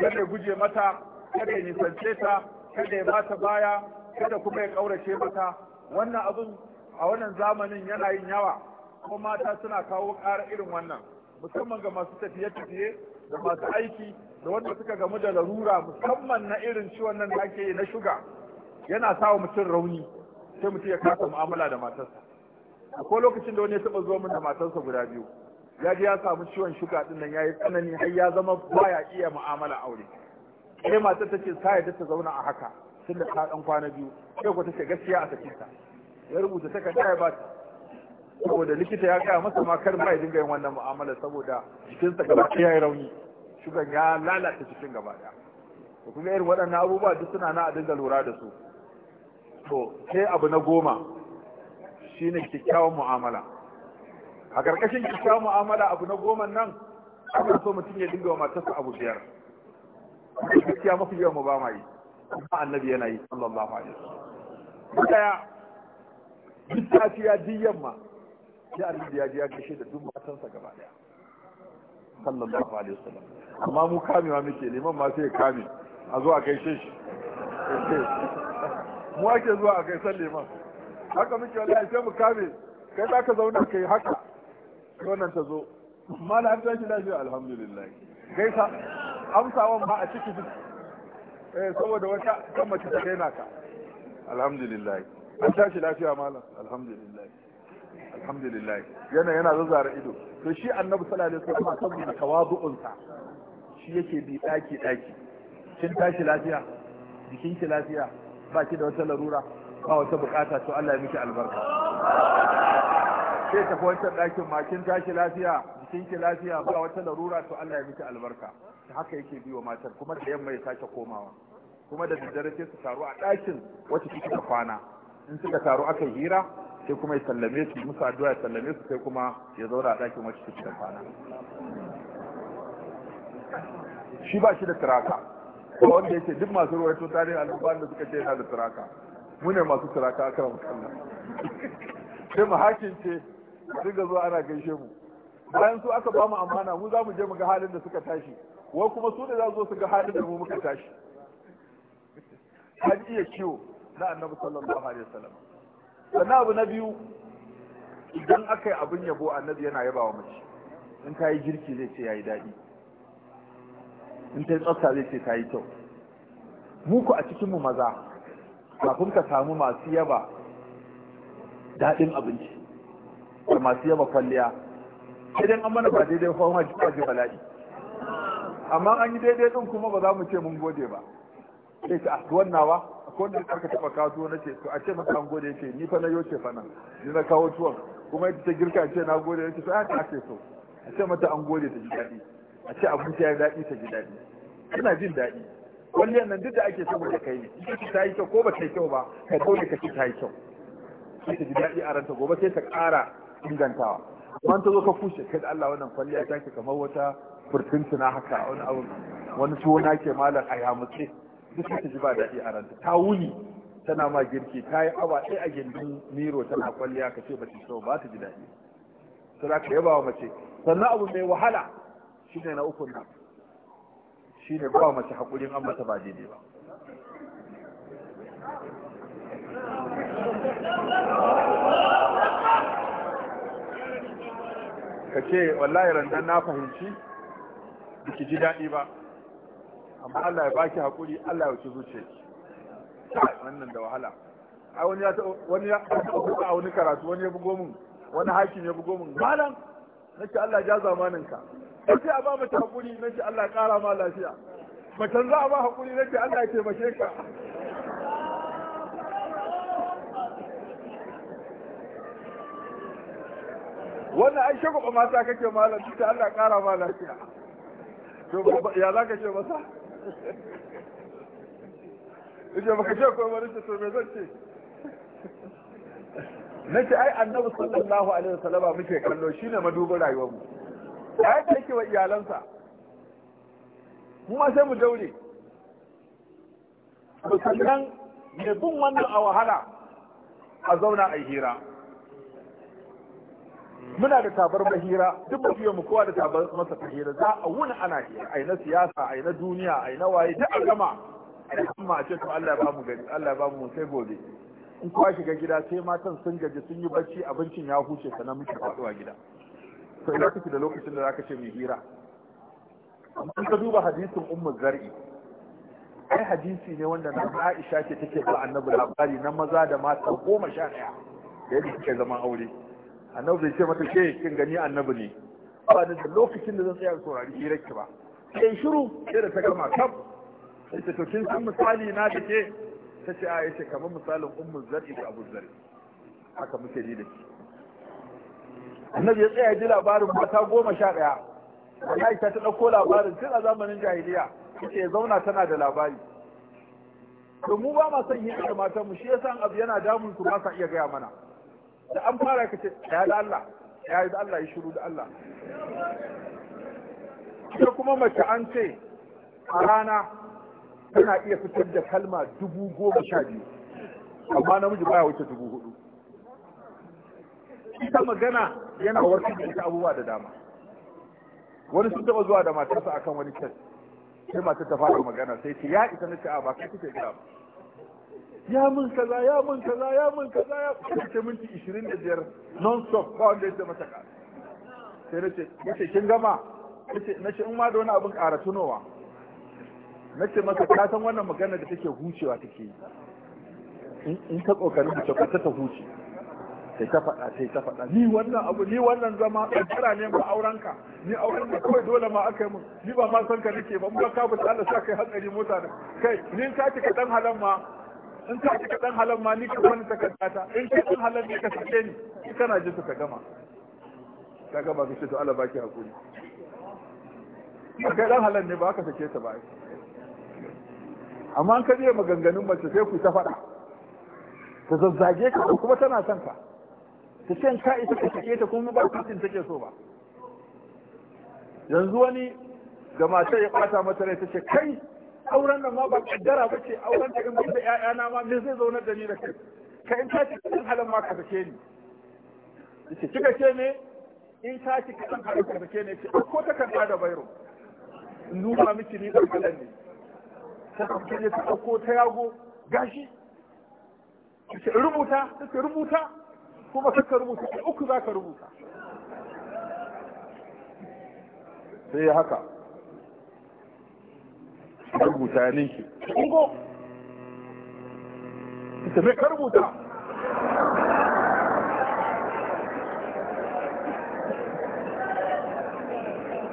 kada ya guje mata kada ya nisance ta kada ya bata baya kada kuma ya ƙaurace mata wannan abin a wannan zamanin yana yin yawa ko mata suna kawo ƙara irin wannan musamman ga masu tafiye-tafiye da masu aiki da wanda suka gamu da larura musamman na irin ciwon nan da ake na shuga yana sa wa mutum rauni sai mutum ya kasa mu'amala da matarsa akwai lokacin da wani ya taba zuwa min da matarsa guda biyu ya ji ya samu ciwon shuga din nan yayi tsanani har ya zama baya iya mu'amala aure sai matar ta ce sai ta zauna a haka tun da ta dan kwana biyu sai ko ta ce gaskiya a sake ta ya rubuta kan ya ba ta saboda likita ya gaya masa ma kar ba ya dinga yin wannan mu'amala saboda jikinsa gaba ɗaya ya rauni shugan ya lalata cikin gaba daya to kuma irin waɗannan abubuwa duk suna na adin da lura da su to sai abu na goma shine kyakkyawan mu'amala a ƙarƙashin kyakkyawan mu'amala abu na goma nan ana so mutum ya dinga wa matarsa abu biyar gaskiya mafi yawan mu ba ma yi kuma annabi yana yi sallallahu alaihi wasallam daya duk safiya duk yamma sai annabi ya je ya kashe da duk matansa gaba daya sallallahu alaihi wasallam amma mu kamewa muke liman ma sai kame a zuwa kai shi mu ake zuwa a kai sallaman liman haka muke wallahi sai mu kame kai za ka zauna kai haka wannan ta zo mala an tashi lafiya alhamdulillah gaisa amsawan ba a ciki eh saboda wata kan mace ta kai naka alhamdulillah an tashi lafiya malam alhamdulillah alhamdulillah yana yana zazzara ido to shi annabi sallallahu alaihi wasallam saboda tawadu'unsa shi yake bi daki daki kin tashi lafiya jikin ki lafiya ba ki da wata larura ba wata bukata to Allah ya miki albarka sai tafi wancan dakin ma kin tashi lafiya jikin ki lafiya ba wata larura to Allah ya miki albarka haka yake biwa matar kuma da yamma ya sake komawa kuma da daddare sai su taru a ɗakin wacce kike kwana in suka taru aka hira sai kuma ya sallame su musu addu'a ya sallame su sai kuma ya zauna a ɗakin wacce take da kwana shi ba shi da turaka ko wanda yake duk masu ruwa to tarihin al'ummar da suka ce yana da turaka mu ne masu turaka akan musalla sai mu hakin ce dinga zuwa ana gaishe mu bayan su aka ba mu amana mu za mu je mu ga halin da suka tashi wai kuma su da za su zo su ga halin da mu muka tashi an iya kiwo na annabi sallallahu alaihi wasallam sannan abu na biyu idan aka yi abin yabo annabi yana yaba wa mace in ta yi girki zai ce ya yi daɗi in ta yi tsafta zai ce ta yi kyau muku a cikinmu maza kafin ka samu masu yaba daɗin abinci da masu yaba kwalliya sai dai an mana ba daidai kwan hajji ba ji bala'i amma an yi daidai ɗin kuma ba za mu ce mun gode ba sai ta asuwan ah, nawa ko da aka taba kawo na ce to a ce maka an gode yake ni fa na yoce fa nan ni na kawo tuwon kuma ita ta girka ce na gode yake sai aka ce so a ce mata an gode ta ji daɗi a ce abinci ya daɗi ta ji daɗi ina jin daɗi kwalliyar nan duk da ake so da kai ne ita ta yi kyau ko ba ta yi kyau ba ka dole ka ce ta yi kyau sai ta ji daɗi a ranta gobe sai ta ƙara ingantawa amma ta zo ka kushe kai da Allah wannan kwalliya ta ke kamar wata furtuntuna haka wani abu wani tuwo na ke malam a yamutse duk ta ji ba daɗi a ranta ta wuni tana ma girki ta yi awa ɗaya a gindin miro tana kwalliya ka ce ba ta so ba ta ji daɗi sai ka yaba wa mace sannan abu mai wahala shine na uku nan shine ba mace hakurin an mata ba daidai ba ka ce wallahi randan na fahimci biki ji daɗi ba amma Allah ya baki hakuri Allah ya wuce zuciyarki wannan da wahala ai wani ya wani ya a wani karatu wani ya bugo min wani hakim ya bugo min malam nace Allah ja zamanin ka sai a ba mata hakuri nace Allah kara ma lafiya macen za a ba hakuri nace Allah ya taimake ka wannan ai shagwaba mata kake malam ta Allah kara ma lafiya to ya za ka ce masa yace baka ce ko wani to me zan ce nace ai annabi sallallahu alaihi wasallama muke kallo shine madubin rayuwar mu ai yake wa iyalansa mu ma sai mu daure to sannan me bin wannan a wahala a zauna a hira muna da tabar mahira duk fiye mu kowa da tabar masa hira za a wuni ana hira a na siyasa a na duniya ai na waye duk a gama amma a ce to Allah ya ba mu gani Allah ya ba mu sai gobe in kowa shiga gida sai matan sun gaji sun yi bacci abincin ya huce sannan muke faduwa gida to ina kike da lokacin da zaka ce mai hira amma ka duba hadisin ummu zar'i ai hadisi ne wanda na Aisha ce take ba annabi labari na maza da mata goma sha ɗaya da yadda suke zaman aure annabi bai ce mata ke kin gani annabi ne ba da lokacin da zan tsaya saurari hirar ki ba sai shiru sai da ta gama kam sai ta to kin san misali na da ke ta ce a yace kamar misalin ummu zar'i da abu zar'i haka muke ji da shi annabi ya tsaya ji labarin mata goma sha ɗaya wallahi ta ta ɗauko labarin tun a zamanin jahiliya ita ya zauna tana da labari to mu ba ma son hira da matan mu shi yasa abu yana damun su ba sa iya gaya mana da an fara kace ya da Allah ya yi da Allah ya shiru da Allah ita kuma mace an ce a rana tana iya fitar da kalma dubu goma sha biyu amma namiji baya wuce dubu hudu ita magana yana warkar da ita abubuwa da dama wani sun taba zuwa da matarsa akan wani kes sai matar ta fara magana sai ce ya isa na ce a ba kai kike gida ba ya mun kaza ya mun kaza ya mun kaza ya ce minti 25 non stop ba wanda ya mata ka sai nace ce kin gama na ce in ma da wani abin ƙara tunowa ce masa ka san wannan magana da take hucewa take yi in ta kokarin ta kwata ta huce sai ta faɗa sai ta faɗa ni wannan abu ni wannan zama kankara ne ba auren ka ni auren ka kawai dole ma aka yi mun ni ba ma san ka nake ba mu ka ka Allah sa kai hatsari mota da kai ni ka ci ka dan halan ma in ka ji kaɗan halar ma ni ka wani takarda in ka ɗan halar ne ka sake ni in kana ji ka gama ka gama ka ce to Allah baki hakuri kai ɗan halar ne ba ka sake ta ba amma an ka je maganganun mace sai ku ta faɗa ta zazzage ka kuma tana son ka ta ce ka isa ka sake ta kuma ba kucin take so ba yanzu wani da mace ya ɓata mata rai ta ce kai auren nan ma ba kaddara ba ce auren da kan da ƴaƴana ma me zai zauna da ni da kai ka in tashi kadan halin ma ka sake ni yace kika ce ne in tashi kadan halin ka sake ni yace ko ta kan da bairo nuna miki ni dan kadan ne ta kike ne ta ko ta yago gashi yace rubuta take rubuta kuma kaka rubuta uku zaka rubuta sai haka rubuta ninki ingo tafi ka rubuta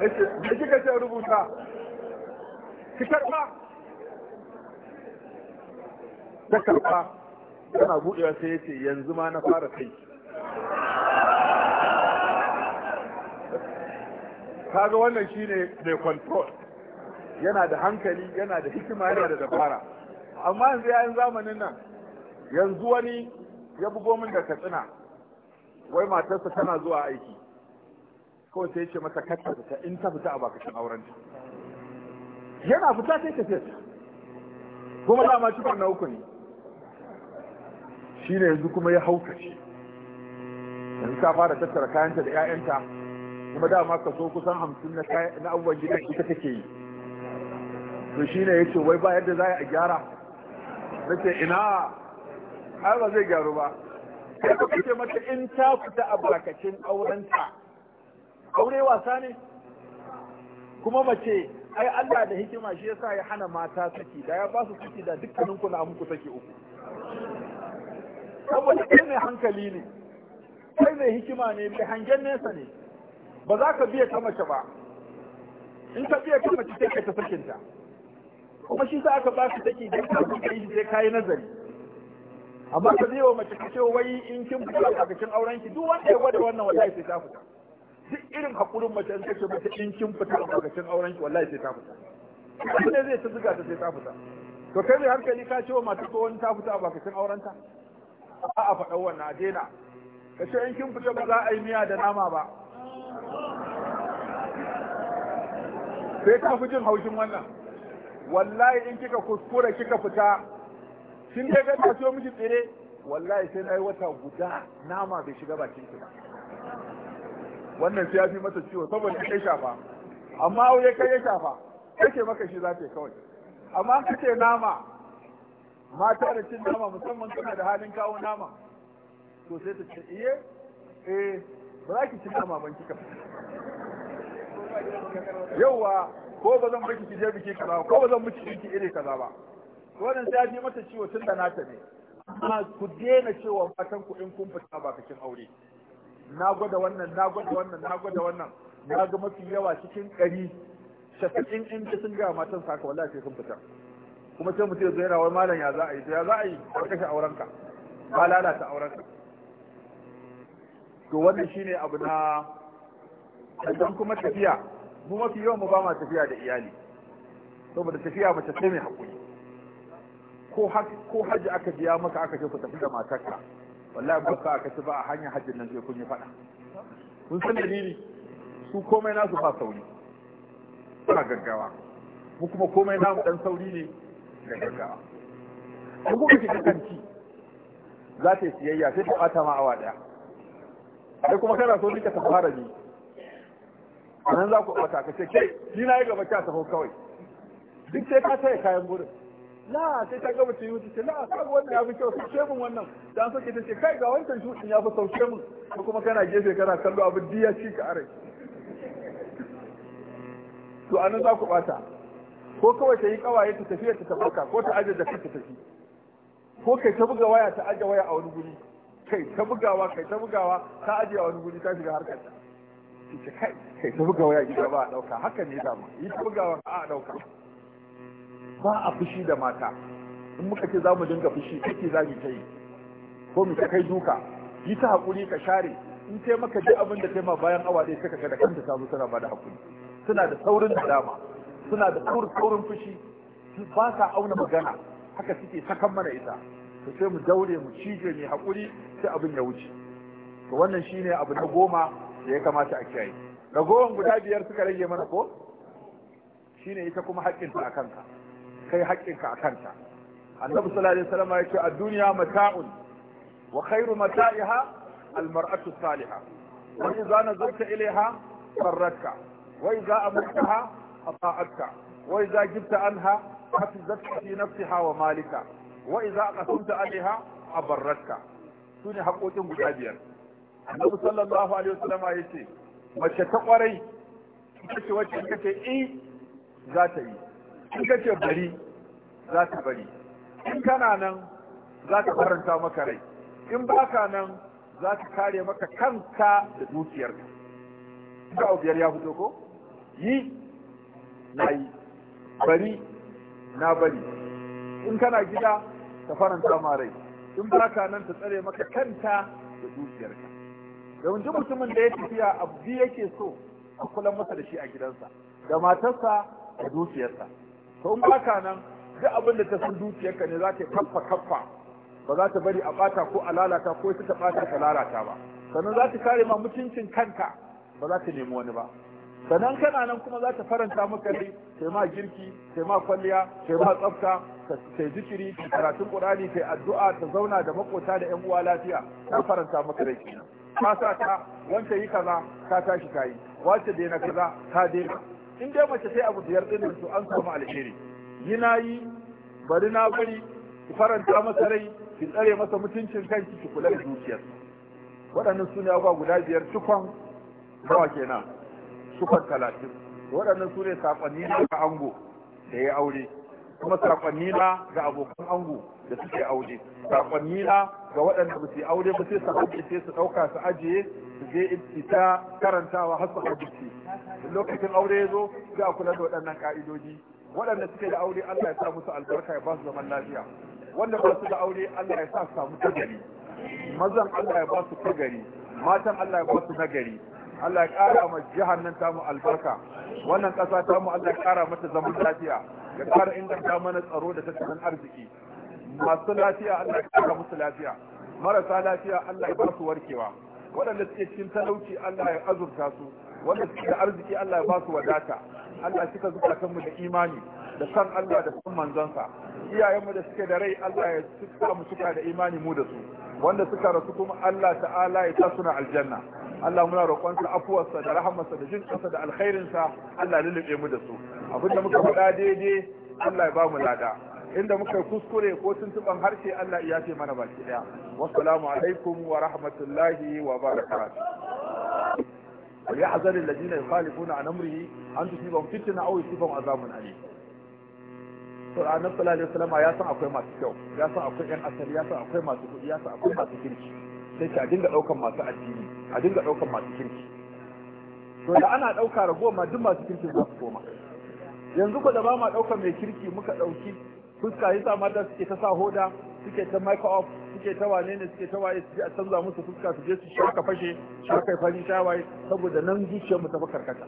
da kika ce rubuta ki karba ta karba tana buɗewa sai yace yanzu ma na fara kai kaga wannan shine mai control yana da hankali yana da hikima yana da dabara amma yanzu yayin zamanin nan yanzu wani ya bugo min da katsina wai matarsa tana zuwa aiki kawai sai ce mata kacce ta in ta fita a bakashin auren ta yana fita sai ta fita kuma za ma cikon na uku shi ne yanzu kuma ya haukace yanzu ta fara tattara kayanta da 'ya'yanta kuma dama kaso kusan hamsin na abubuwan gidan ita take yi to shi ne ya ce wai ba yadda za a gyara na ce ina har ba zai gyaru ba sai ka mata in ta fita a barkacin aurenta aure wasa ne kuma mace ai Allah da hikima shi yasa ya hana mata saki da ya ba su saki da dukkanin ku na muku saki uku saboda kai mai hankali ne kai mai hikima ne mai hangen nesa ne ba za ka biya ta ba in ka biya ta mace sai ka ta sakinta kuma shi sa aka ba shi take da ka kai shi sai kai nazari amma ka zai wa mace ka ce wai in kin fita a cikin auren ki duk wanda ya gwada wannan wallahi sai ta fita duk irin hakurin mace in kace mace in kin fita a cikin auren ki wallahi sai ta fita wanda ne zai ta zuga ta sai ta fita to kai mai hankali ka ce wa mace ko wani ta fita a bakacin auren ta a a faɗa wannan a daina ka ce in kin fita ba za a yi miya da nama ba sai ka fi jin haushin wannan wallahi in kika kuskura kika fita sun dai ga ta ciyo miki tsire wallahi sai na yi wata guda nama bai shiga bakin ki ba wannan sai ya fi mata ciwo saboda kai shafa amma ya kai ya shafa kake maka shi za ta kawai amma kace nama mata da cin nama musamman kana da halin kawo nama to sai ta ce iye eh ba za ki ci nama ban kika yauwa ko ba zan baki ki je biki kaza ko ba zan miki biki ire kaza ba wannan sai ji mata ciwo tun da nata ne amma ku daina cewa matan ku in kun fita ba bikin aure na gwada wannan na gwada wannan na gwada wannan na ga mafi yawa cikin kari shafa'in in ji sun ga matan saka wallahi sai sun fita kuma sai mutum yana rawar malam ya za a yi ya za a yi ka kashe aurenka ba lalata aurenka to wannan shine abu na sannan kuma tafiya mu mafi yawan mu ba ma tafiya da iyali saboda tafiya mace sai mai hakuri ko ko haji aka biya maka aka ce ku tafi da matarka wallahi ba ka aka ci ba a hanyar hajjin nan sai kun yi fada kun san dalili su komai nasu ba sauri ba gaggawa mu kuma komai namu dan sauri ne da gaggawa ko kuma ki kanci za ta yi siyayya sai ta bata ma awa daya sai kuma kana so duka ta fara ni a nan za ku ɓata ka ce ke ni na yi gaba kya taho kawai duk sai ka taya kayan burin la sai ta gaba ta yi wuce ce la ka wannan ya fi kyau sauke mun wannan dan sake ta ce kai ga wancan shuɗin ya fi sauke mun ko kuma kana gefe kana kallo abin diya ci ka arai to a nan za ku ɓata ko kawai ta yi kawaye ta tafiya ta tafaka ko ta ajiye da ta tafi ko kai ta buga waya ta ajiye waya a wani guri kai ta bugawa kai ta bugawa ta ajiye a wani guri ta shiga harkar ta kai ta buga waya gida ba a ɗauka haka ne dama yi ta bugawa a ɗauka ba a fushi da mata in muka ce za mu dinga fushi kake za mu ta yi ko mu kai duka yi ta haƙuri ka share in ce maka duk abin da kai ma bayan awa ɗaya sai ka da kanta ta zo tana ba da haƙuri suna da saurin nadama suna da saurin fushi ba sa auna magana haka suke sakan mana ita to sai mu daure mu cije mai haƙuri sai abin ya wuce to wannan shine abu na goma da ya kamata a kiyaye ragowar guda biyar suka rage mana ko shine ita kuma haƙƙinta a kanka kai haƙƙinka a kanta annabi sallallahu alaihi wasallam ya ce a duniya mata'un wa khairu mata'iha almar'atu salihah wa idza nazarta Wai farratka wa idza amartaha ata'atka wa idza jibta anha hafizatka fi nafsiha wa malika wa idza qasamta alaiha abarratka sune haƙoƙin guda biyar annabi sallallahu alaihi wasallama yace mace ta kwarai ce wacce ce in e, za ta yi in kace bari za ta bari in kana nan za ta faranta maka rai in baka nan za ta kare maka kanka da dukiyarka ga biyar ya fito ko yi na yi bari na bari in kana gida ta faranta ma rai in baka nan ta tsare maka kanta da dukiyarka da mutumin da ya tafiya abu biyu yake so a kula masa da shi a gidansa da matarsa da dukiyarsa to in baka nan duk abin da ta san dukiyarka ne za ta kaffa kaffa ba za ta bari a bata ko a lalata ko ita ta bata ta lalata ba sannan za ta kare ma mutuncin kanka ba za ta nemi wani ba sannan kana nan kuma za ta faranta maka rai sai ma girki sai ma kwalliya sai ma tsafta sai zikiri karatun qur'ani sai addu'a ta zauna da makota da yan uwa lafiya ta faranta maka rai kenan ka sa ta wanda yi kaza ka tashi ka yi wace daina kaza ka daina in dai mace sai abu biyar ɗin to an samu alheri yi na yi bari na bari ki faranta masa rai ki tsare masa mutuncin kan ki kula da zuciyar waɗannan su ne abubuwa guda biyar cikon nawa kenan cikon talatin waɗannan su ne saƙonni na ango da ya aure kuma saƙonni na ga abokan ango da suke aure sakonni na ga waɗanda ba su aure ba sai su haddace su ɗauka su ajiye su je ita karantawa har su haddace lokacin aure ya zo sai a kula da waɗannan ka'idodi. waɗanda suke da aure Allah ya sa musu albarka ya ba su zaman lafiya wanda ba su da aure Allah ya sa su samu tagari mazan Allah ya ba su tagari matan Allah ya ba su nagari Allah ya ƙara ma jihar nan tamu albarka wannan ƙasa tamu Allah ya ƙara mata zaman lafiya ya ƙara inganta mana tsaro da tattalin arziki masu lafiya Allah ya ƙara musu lafiya marasa lafiya Allah ya basu warkewa waɗanda suke cikin talauci Allah ya azurta su wanda suke da arziki Allah ya basu wadata Allah suka kan mu da imani da san Allah da san manzansa iyayenmu da suke da rai Allah ya suka mu suka da imani mu da su wanda suka rasu kuma Allah ta'ala ya sa na aljanna Allah muna roƙonsa afuwarsa da rahamarsa da jin ƙasa da alkhairinsa Allah ya lulube mu da su abinda muka faɗa daidai Allah ya ba mu lada inda muka kuskure ko tuntuban harshe Allah ya ce mana baki daya salamu alaikum wa rahmatullahi wa barakatuh وليحذر الذين يخالفون an امره ان تصيبهم فتنه او يصيبهم عذاب ali. to annabi sallallahu alaihi Salama ya san akwai masu kyau ya san akwai yan asali ya san akwai masu kudi ya san akwai masu kirki sai ki a dinga daukan masu addini a dinga daukan masu kirki to da ana dauka goma ma duk masu kirki za su koma yanzu ko da ba ma daukan mai kirki muka dauki fuska sa mata suke ta sa hoda suke ta mic off suke ta wane ne suke ta waye su a canza musu fuska su je su shaka fashe shaka fani ta waye saboda nan zuciyar mu ta karkata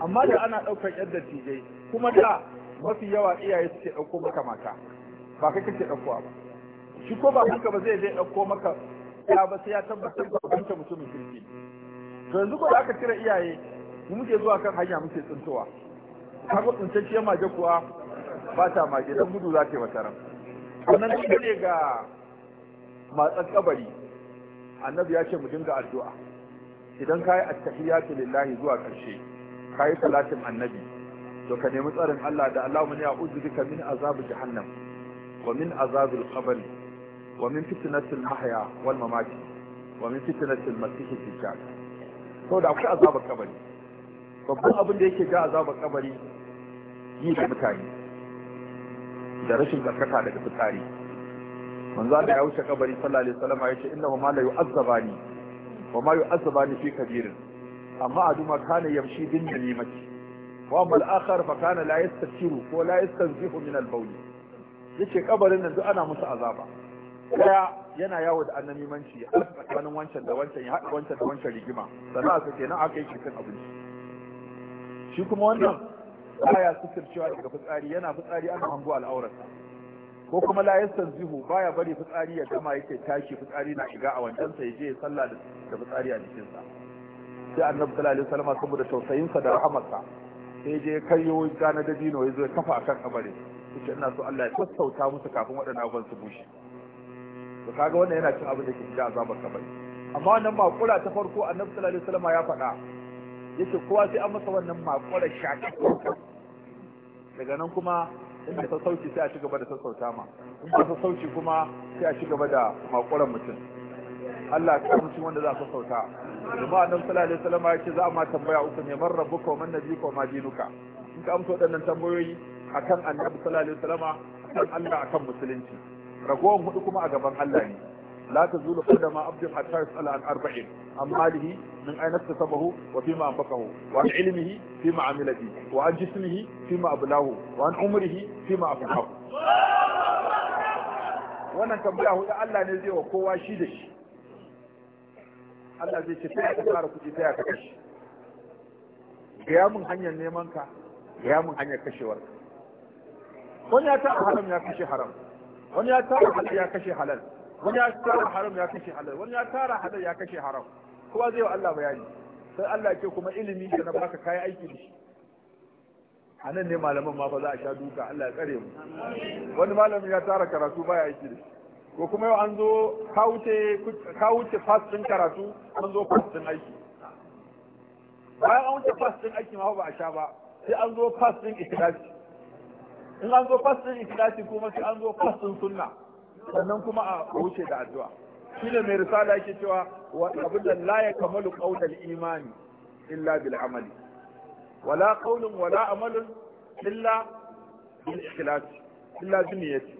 amma da ana daukar da tije kuma da mafi yawa iyaye suke dauko maka mata ba kai kake daukowa ba shi ko ba kanka ba zai je dauko maka ya ba sai ya tabbatar da kanta mutumin kirki to yanzu ko da aka cire iyaye mu muke zuwa kan hanya muke tsuntuwa kaga tsintacciyar maje kuwa ba ta mage don gudu za ta yi wata ran wannan ne ga matsan kabari annabi ya ce mu dinga addu'a idan kayi attahiyatu lillahi zuwa karshe kayi salatin annabi to ka nemi tsarin Allah da Allahumma ya a'udhu min azab jahannam wa min azab al-qabr wa min fitnati al-mahya wal mamat wa min fitnati al-masih ad-dajjal to da akwai azabar kabari babban abin da yake ga azabar kabari yi da mutane da rashin tsarkaka daga fitsari manzo Allah ya wuce kabari sallallahu salama ya ce innahu ma ne. yu'azzabani wa ma yu'azzabani fi kabirin amma aduma kana yamshi bin dalimati wa amma al-akhar fa kana la yastakiru ko la yastanzihu min al-bawl yace kabarin nan duk ana musu azaba daya yana yawo da annamimanci a tsakanin wancan da wancan ya haɗa wancan da wancan rigima sannan a sake aka yi cikin abinci shi kuma wannan baya suturcewa daga fitsari yana fitsari ana hango al'aurarsa ko kuma la zihu baya bari fitsari ya gama yake tashi fitsari na shiga a wancan ya je sallah da fitsari a jikinsa sai annabi sallallahu alaihi wasallam saboda tausayinsa da rahamarsa sai je kayo gana da dino ya ya kafa akan kabare yace ina so Allah ya sassauta musu kafin wadannan abun su bushe to kaga wannan yana cin abin da ke cikin azabar kabari amma wannan makura ta farko annabi sallallahu alaihi wasallam ya faɗa yake kowa sai an masa wannan makwarar shaƙi daga nan kuma in da sassauci sai a ci gaba da sassauta ma in ba sassauci kuma sai a ci gaba da makwarar mutum Allah ta mutum wanda za a sassauta kuma annabi sallallahu alaihi wasallam ya ce za a ma tambaya uku ne man rabbuka wa man nabiyuka wa ma dinuka in ka amsa waɗannan tambayoyi akan annabi sallallahu alaihi wasallam akan Allah akan musulunci ragowar hudu kuma a gaban Allah ne لا تزول قدم عبد حتى يسأل عن أربع عن ماله من أين اكتسبه وفيما أنفقه وعن علمه فيما عمل به وعن جسمه فيما أبلاه وعن عمره فيما أفناه wannan tambaya hudu Allah ne zai wa kowa shi da shi Allah zai ce sai ka tsara kuɗi sai ka kashe gaya mun hanyar neman ka gaya mun hanyar kashewar ka wani ya taɓa haram ya kashe haram wani ya halal ya kashe halal wani ya tara haram ya kashe halal wani ya tara halal ya kashe haram kowa zai wa Allah bayani sai Allah ya ce kuma ilimi da na baka kai aiki da shi a nan ne malaman ma fa za a sha duka Allah ya tsare mu wani malamin ya tara karatu baya aiki da shi ko kuma yau an zo ka wuce fas din karatu an zo fas din aiki bayan an wuce fas din aiki ma ba a sha ba sai an zo fas din ikhlasi in an zo fas din ikhlasi kuma sai an zo fas din sunna sannan kuma a wuce da addu'a shi ne mai risala yake cewa wa abin da la ya kamalu qaulal imani illa bil amali wala qaulun wala amalun illa bil ikhlas illa bil niyyati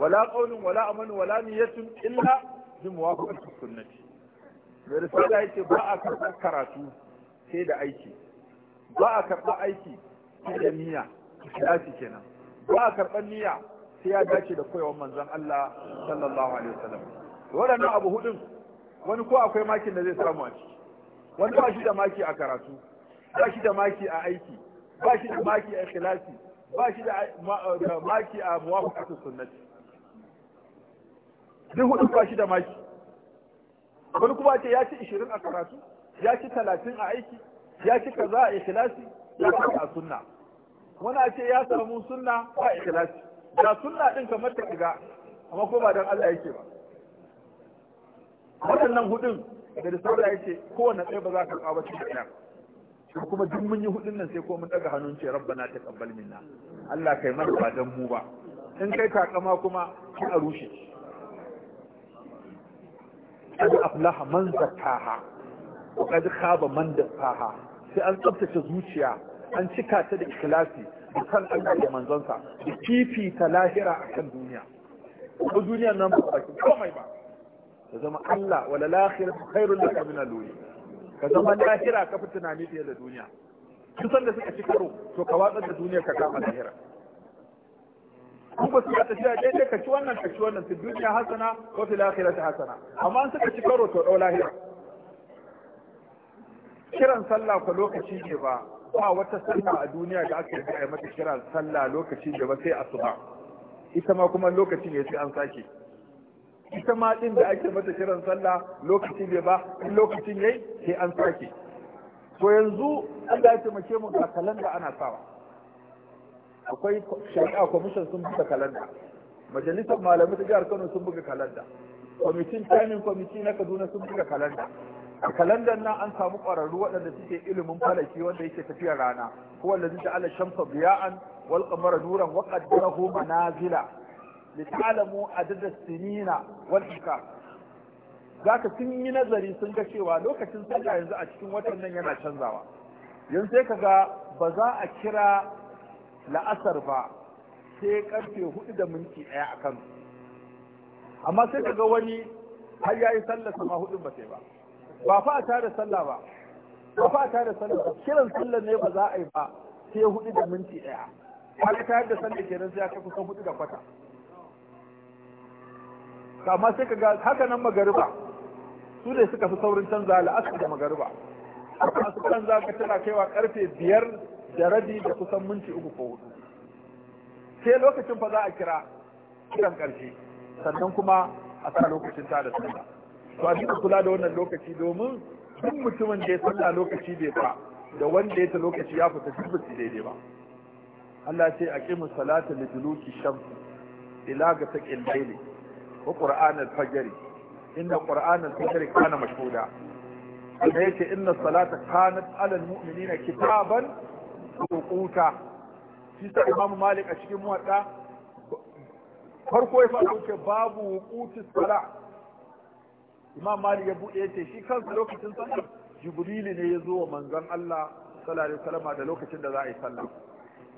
wala qaulun wala amalun wala niyyatin illa bi muwafaqati sunnati mai risala yake ba a karɓar karatu sai da aiki ba a karɓar aiki sai da niyya ikhlasi kenan ba a karɓar niyya sai ya dace da koyawar manzon Allah sallallahu alaihi wasallam waɗannan abu hudun wani ko akwai makin da zai samu a ciki wani ba shi da maki a karatu ba shi da maki a aiki ba shi da maki a ikhlasi ba shi da maki a muwafaqatu sunnati duk hudu ba shi da maki wani kuma ce ya ci 20 a karatu ya ci 30 a aiki ya ci kaza a ikhlasi ya ci a sunna wani ce ya samu sunna ba ikhlasi da sunna din kamar ta shiga amma ko ba dan Allah yake ba waɗannan hudun da da sallah yake kowanne tsaye ba za ka kawo cikin ina shi kuma duk mun yi hudun nan sai ko mun daga hannun ce rabbana kabbal minna Allah kai mana ba dan mu ba in kai takama kuma ki a rushe qad aflaha man zakkaha wa kad khaba man dassaha sai an tsabtace zuciya an cika ta da ikhlasi da kan Allah da manzonsa da fifita lahira a kan duniya ko duniya nan ba ba komai ba ka zama Allah wala lahira khairul laka min al-dunya ka zama lahira ka fi tunani fiye da duniya duk sanda suka ci karo to ka watsar da duniya ka kama lahira kun ba su ta tafiya daidai ka ci wannan ka ci wannan su duniya hasana wa fil akhirati hasana amma an suka ci karo to dau lahira kiran sallah ko lokaci ne ba ba wata sallah a duniya da aka yi a mata kira sallah lokacin da ba sai a suba ita ma kuma lokacin ya sai an sake ita ma din da ake mata kiran sallah lokaci ne ba in lokacin yayi sai an sake to yanzu Allah ya taimake mu ga kalanda ana sawa akwai shari'a commission sun buga kalanda majalisar malamai ta jihar Kano sun buga kalanda kwamitin timing kwamiti na Kaduna sun buga kalanda a kalandar nan an samu ƙwararru waɗanda suke ilimin falaki wanda yake tafiya rana ko wanda zai ta'ala shamsa biya'an wal qamara nuran wa qaddarahu manazila li ta'lamu as sinina wal hikam zaka sun yi nazari sun ga cewa lokacin sallah yanzu a cikin watan nan yana canzawa yanzu sai kaga ba za a kira la'asar ba sai karfe hudu da minti ɗaya a kansu amma sai kaga wani har yayi sallah sama hudun ba sai ba ba fa a tare sallah ba ba fa a tare sallah ba kiran sallah ne ba za a yi ba sai hudu da minti daya har ta da sallah kenan sai kai kusan hudu da kwata amma sai ka ga haka nan magariba su ne suka fi saurin canza la'asar da magariba amma su canza ka tana kaiwa karfe biyar da rabi da kusan minti uku ko hudu sai lokacin fa za a kira kiran karshe sannan kuma a sa lokacin ta da sallah to a duka kula da wannan lokaci domin duk mutumin da ya sallah lokaci bai fa da wanda ya ta lokaci ya fita duk ba daidai ba Allah sai a kimin salata da juluki shamsu ila ga ta layli wa qur'an al-fajr inna qur'an al-fajr kana mashhuda da yake inna salata kanat alal al-mu'minina kitaban mawquta shi sa imam malik a cikin muwatta farko ya fara wuce babu wuqutis salat imam mali ya buɗe ya ce shi kansa lokacin sallar jibrilu ne ya zo wa manzon Allah sallallahu alaihi wasallam da lokacin da za a yi sallah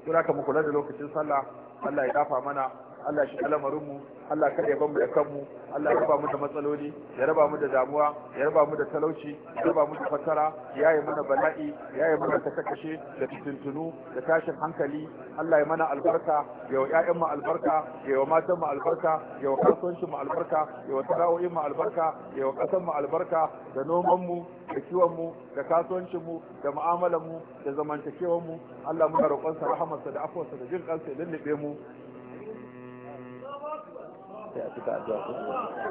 to haka mu kula da lokacin sallah Allah ya dafa mana Allah shi kalamarin mu Allah kada ya ban mu da kanmu Allah ya raba mu da matsaloli ya raba mu da damuwa ya raba mu da talauci ya raba mu da fatara ya yi mana bala'i ya yi mana kashe da fitintunu da tashin hankali Allah ya mana albarka ya wa ƴaƴan mu albarka ya wa matan mu albarka ya wa kasuwancin mu albarka ya wa sana'o'in mu albarka ya wa ƙasar mu albarka da noman mu da kiwon mu da kasuwancin mu da mu'amalan mu da zamantakewan mu Allah muna roƙon sa rahamarsa da afuwarsa da jin kansa ya lullube mu sai a kuwa addu'a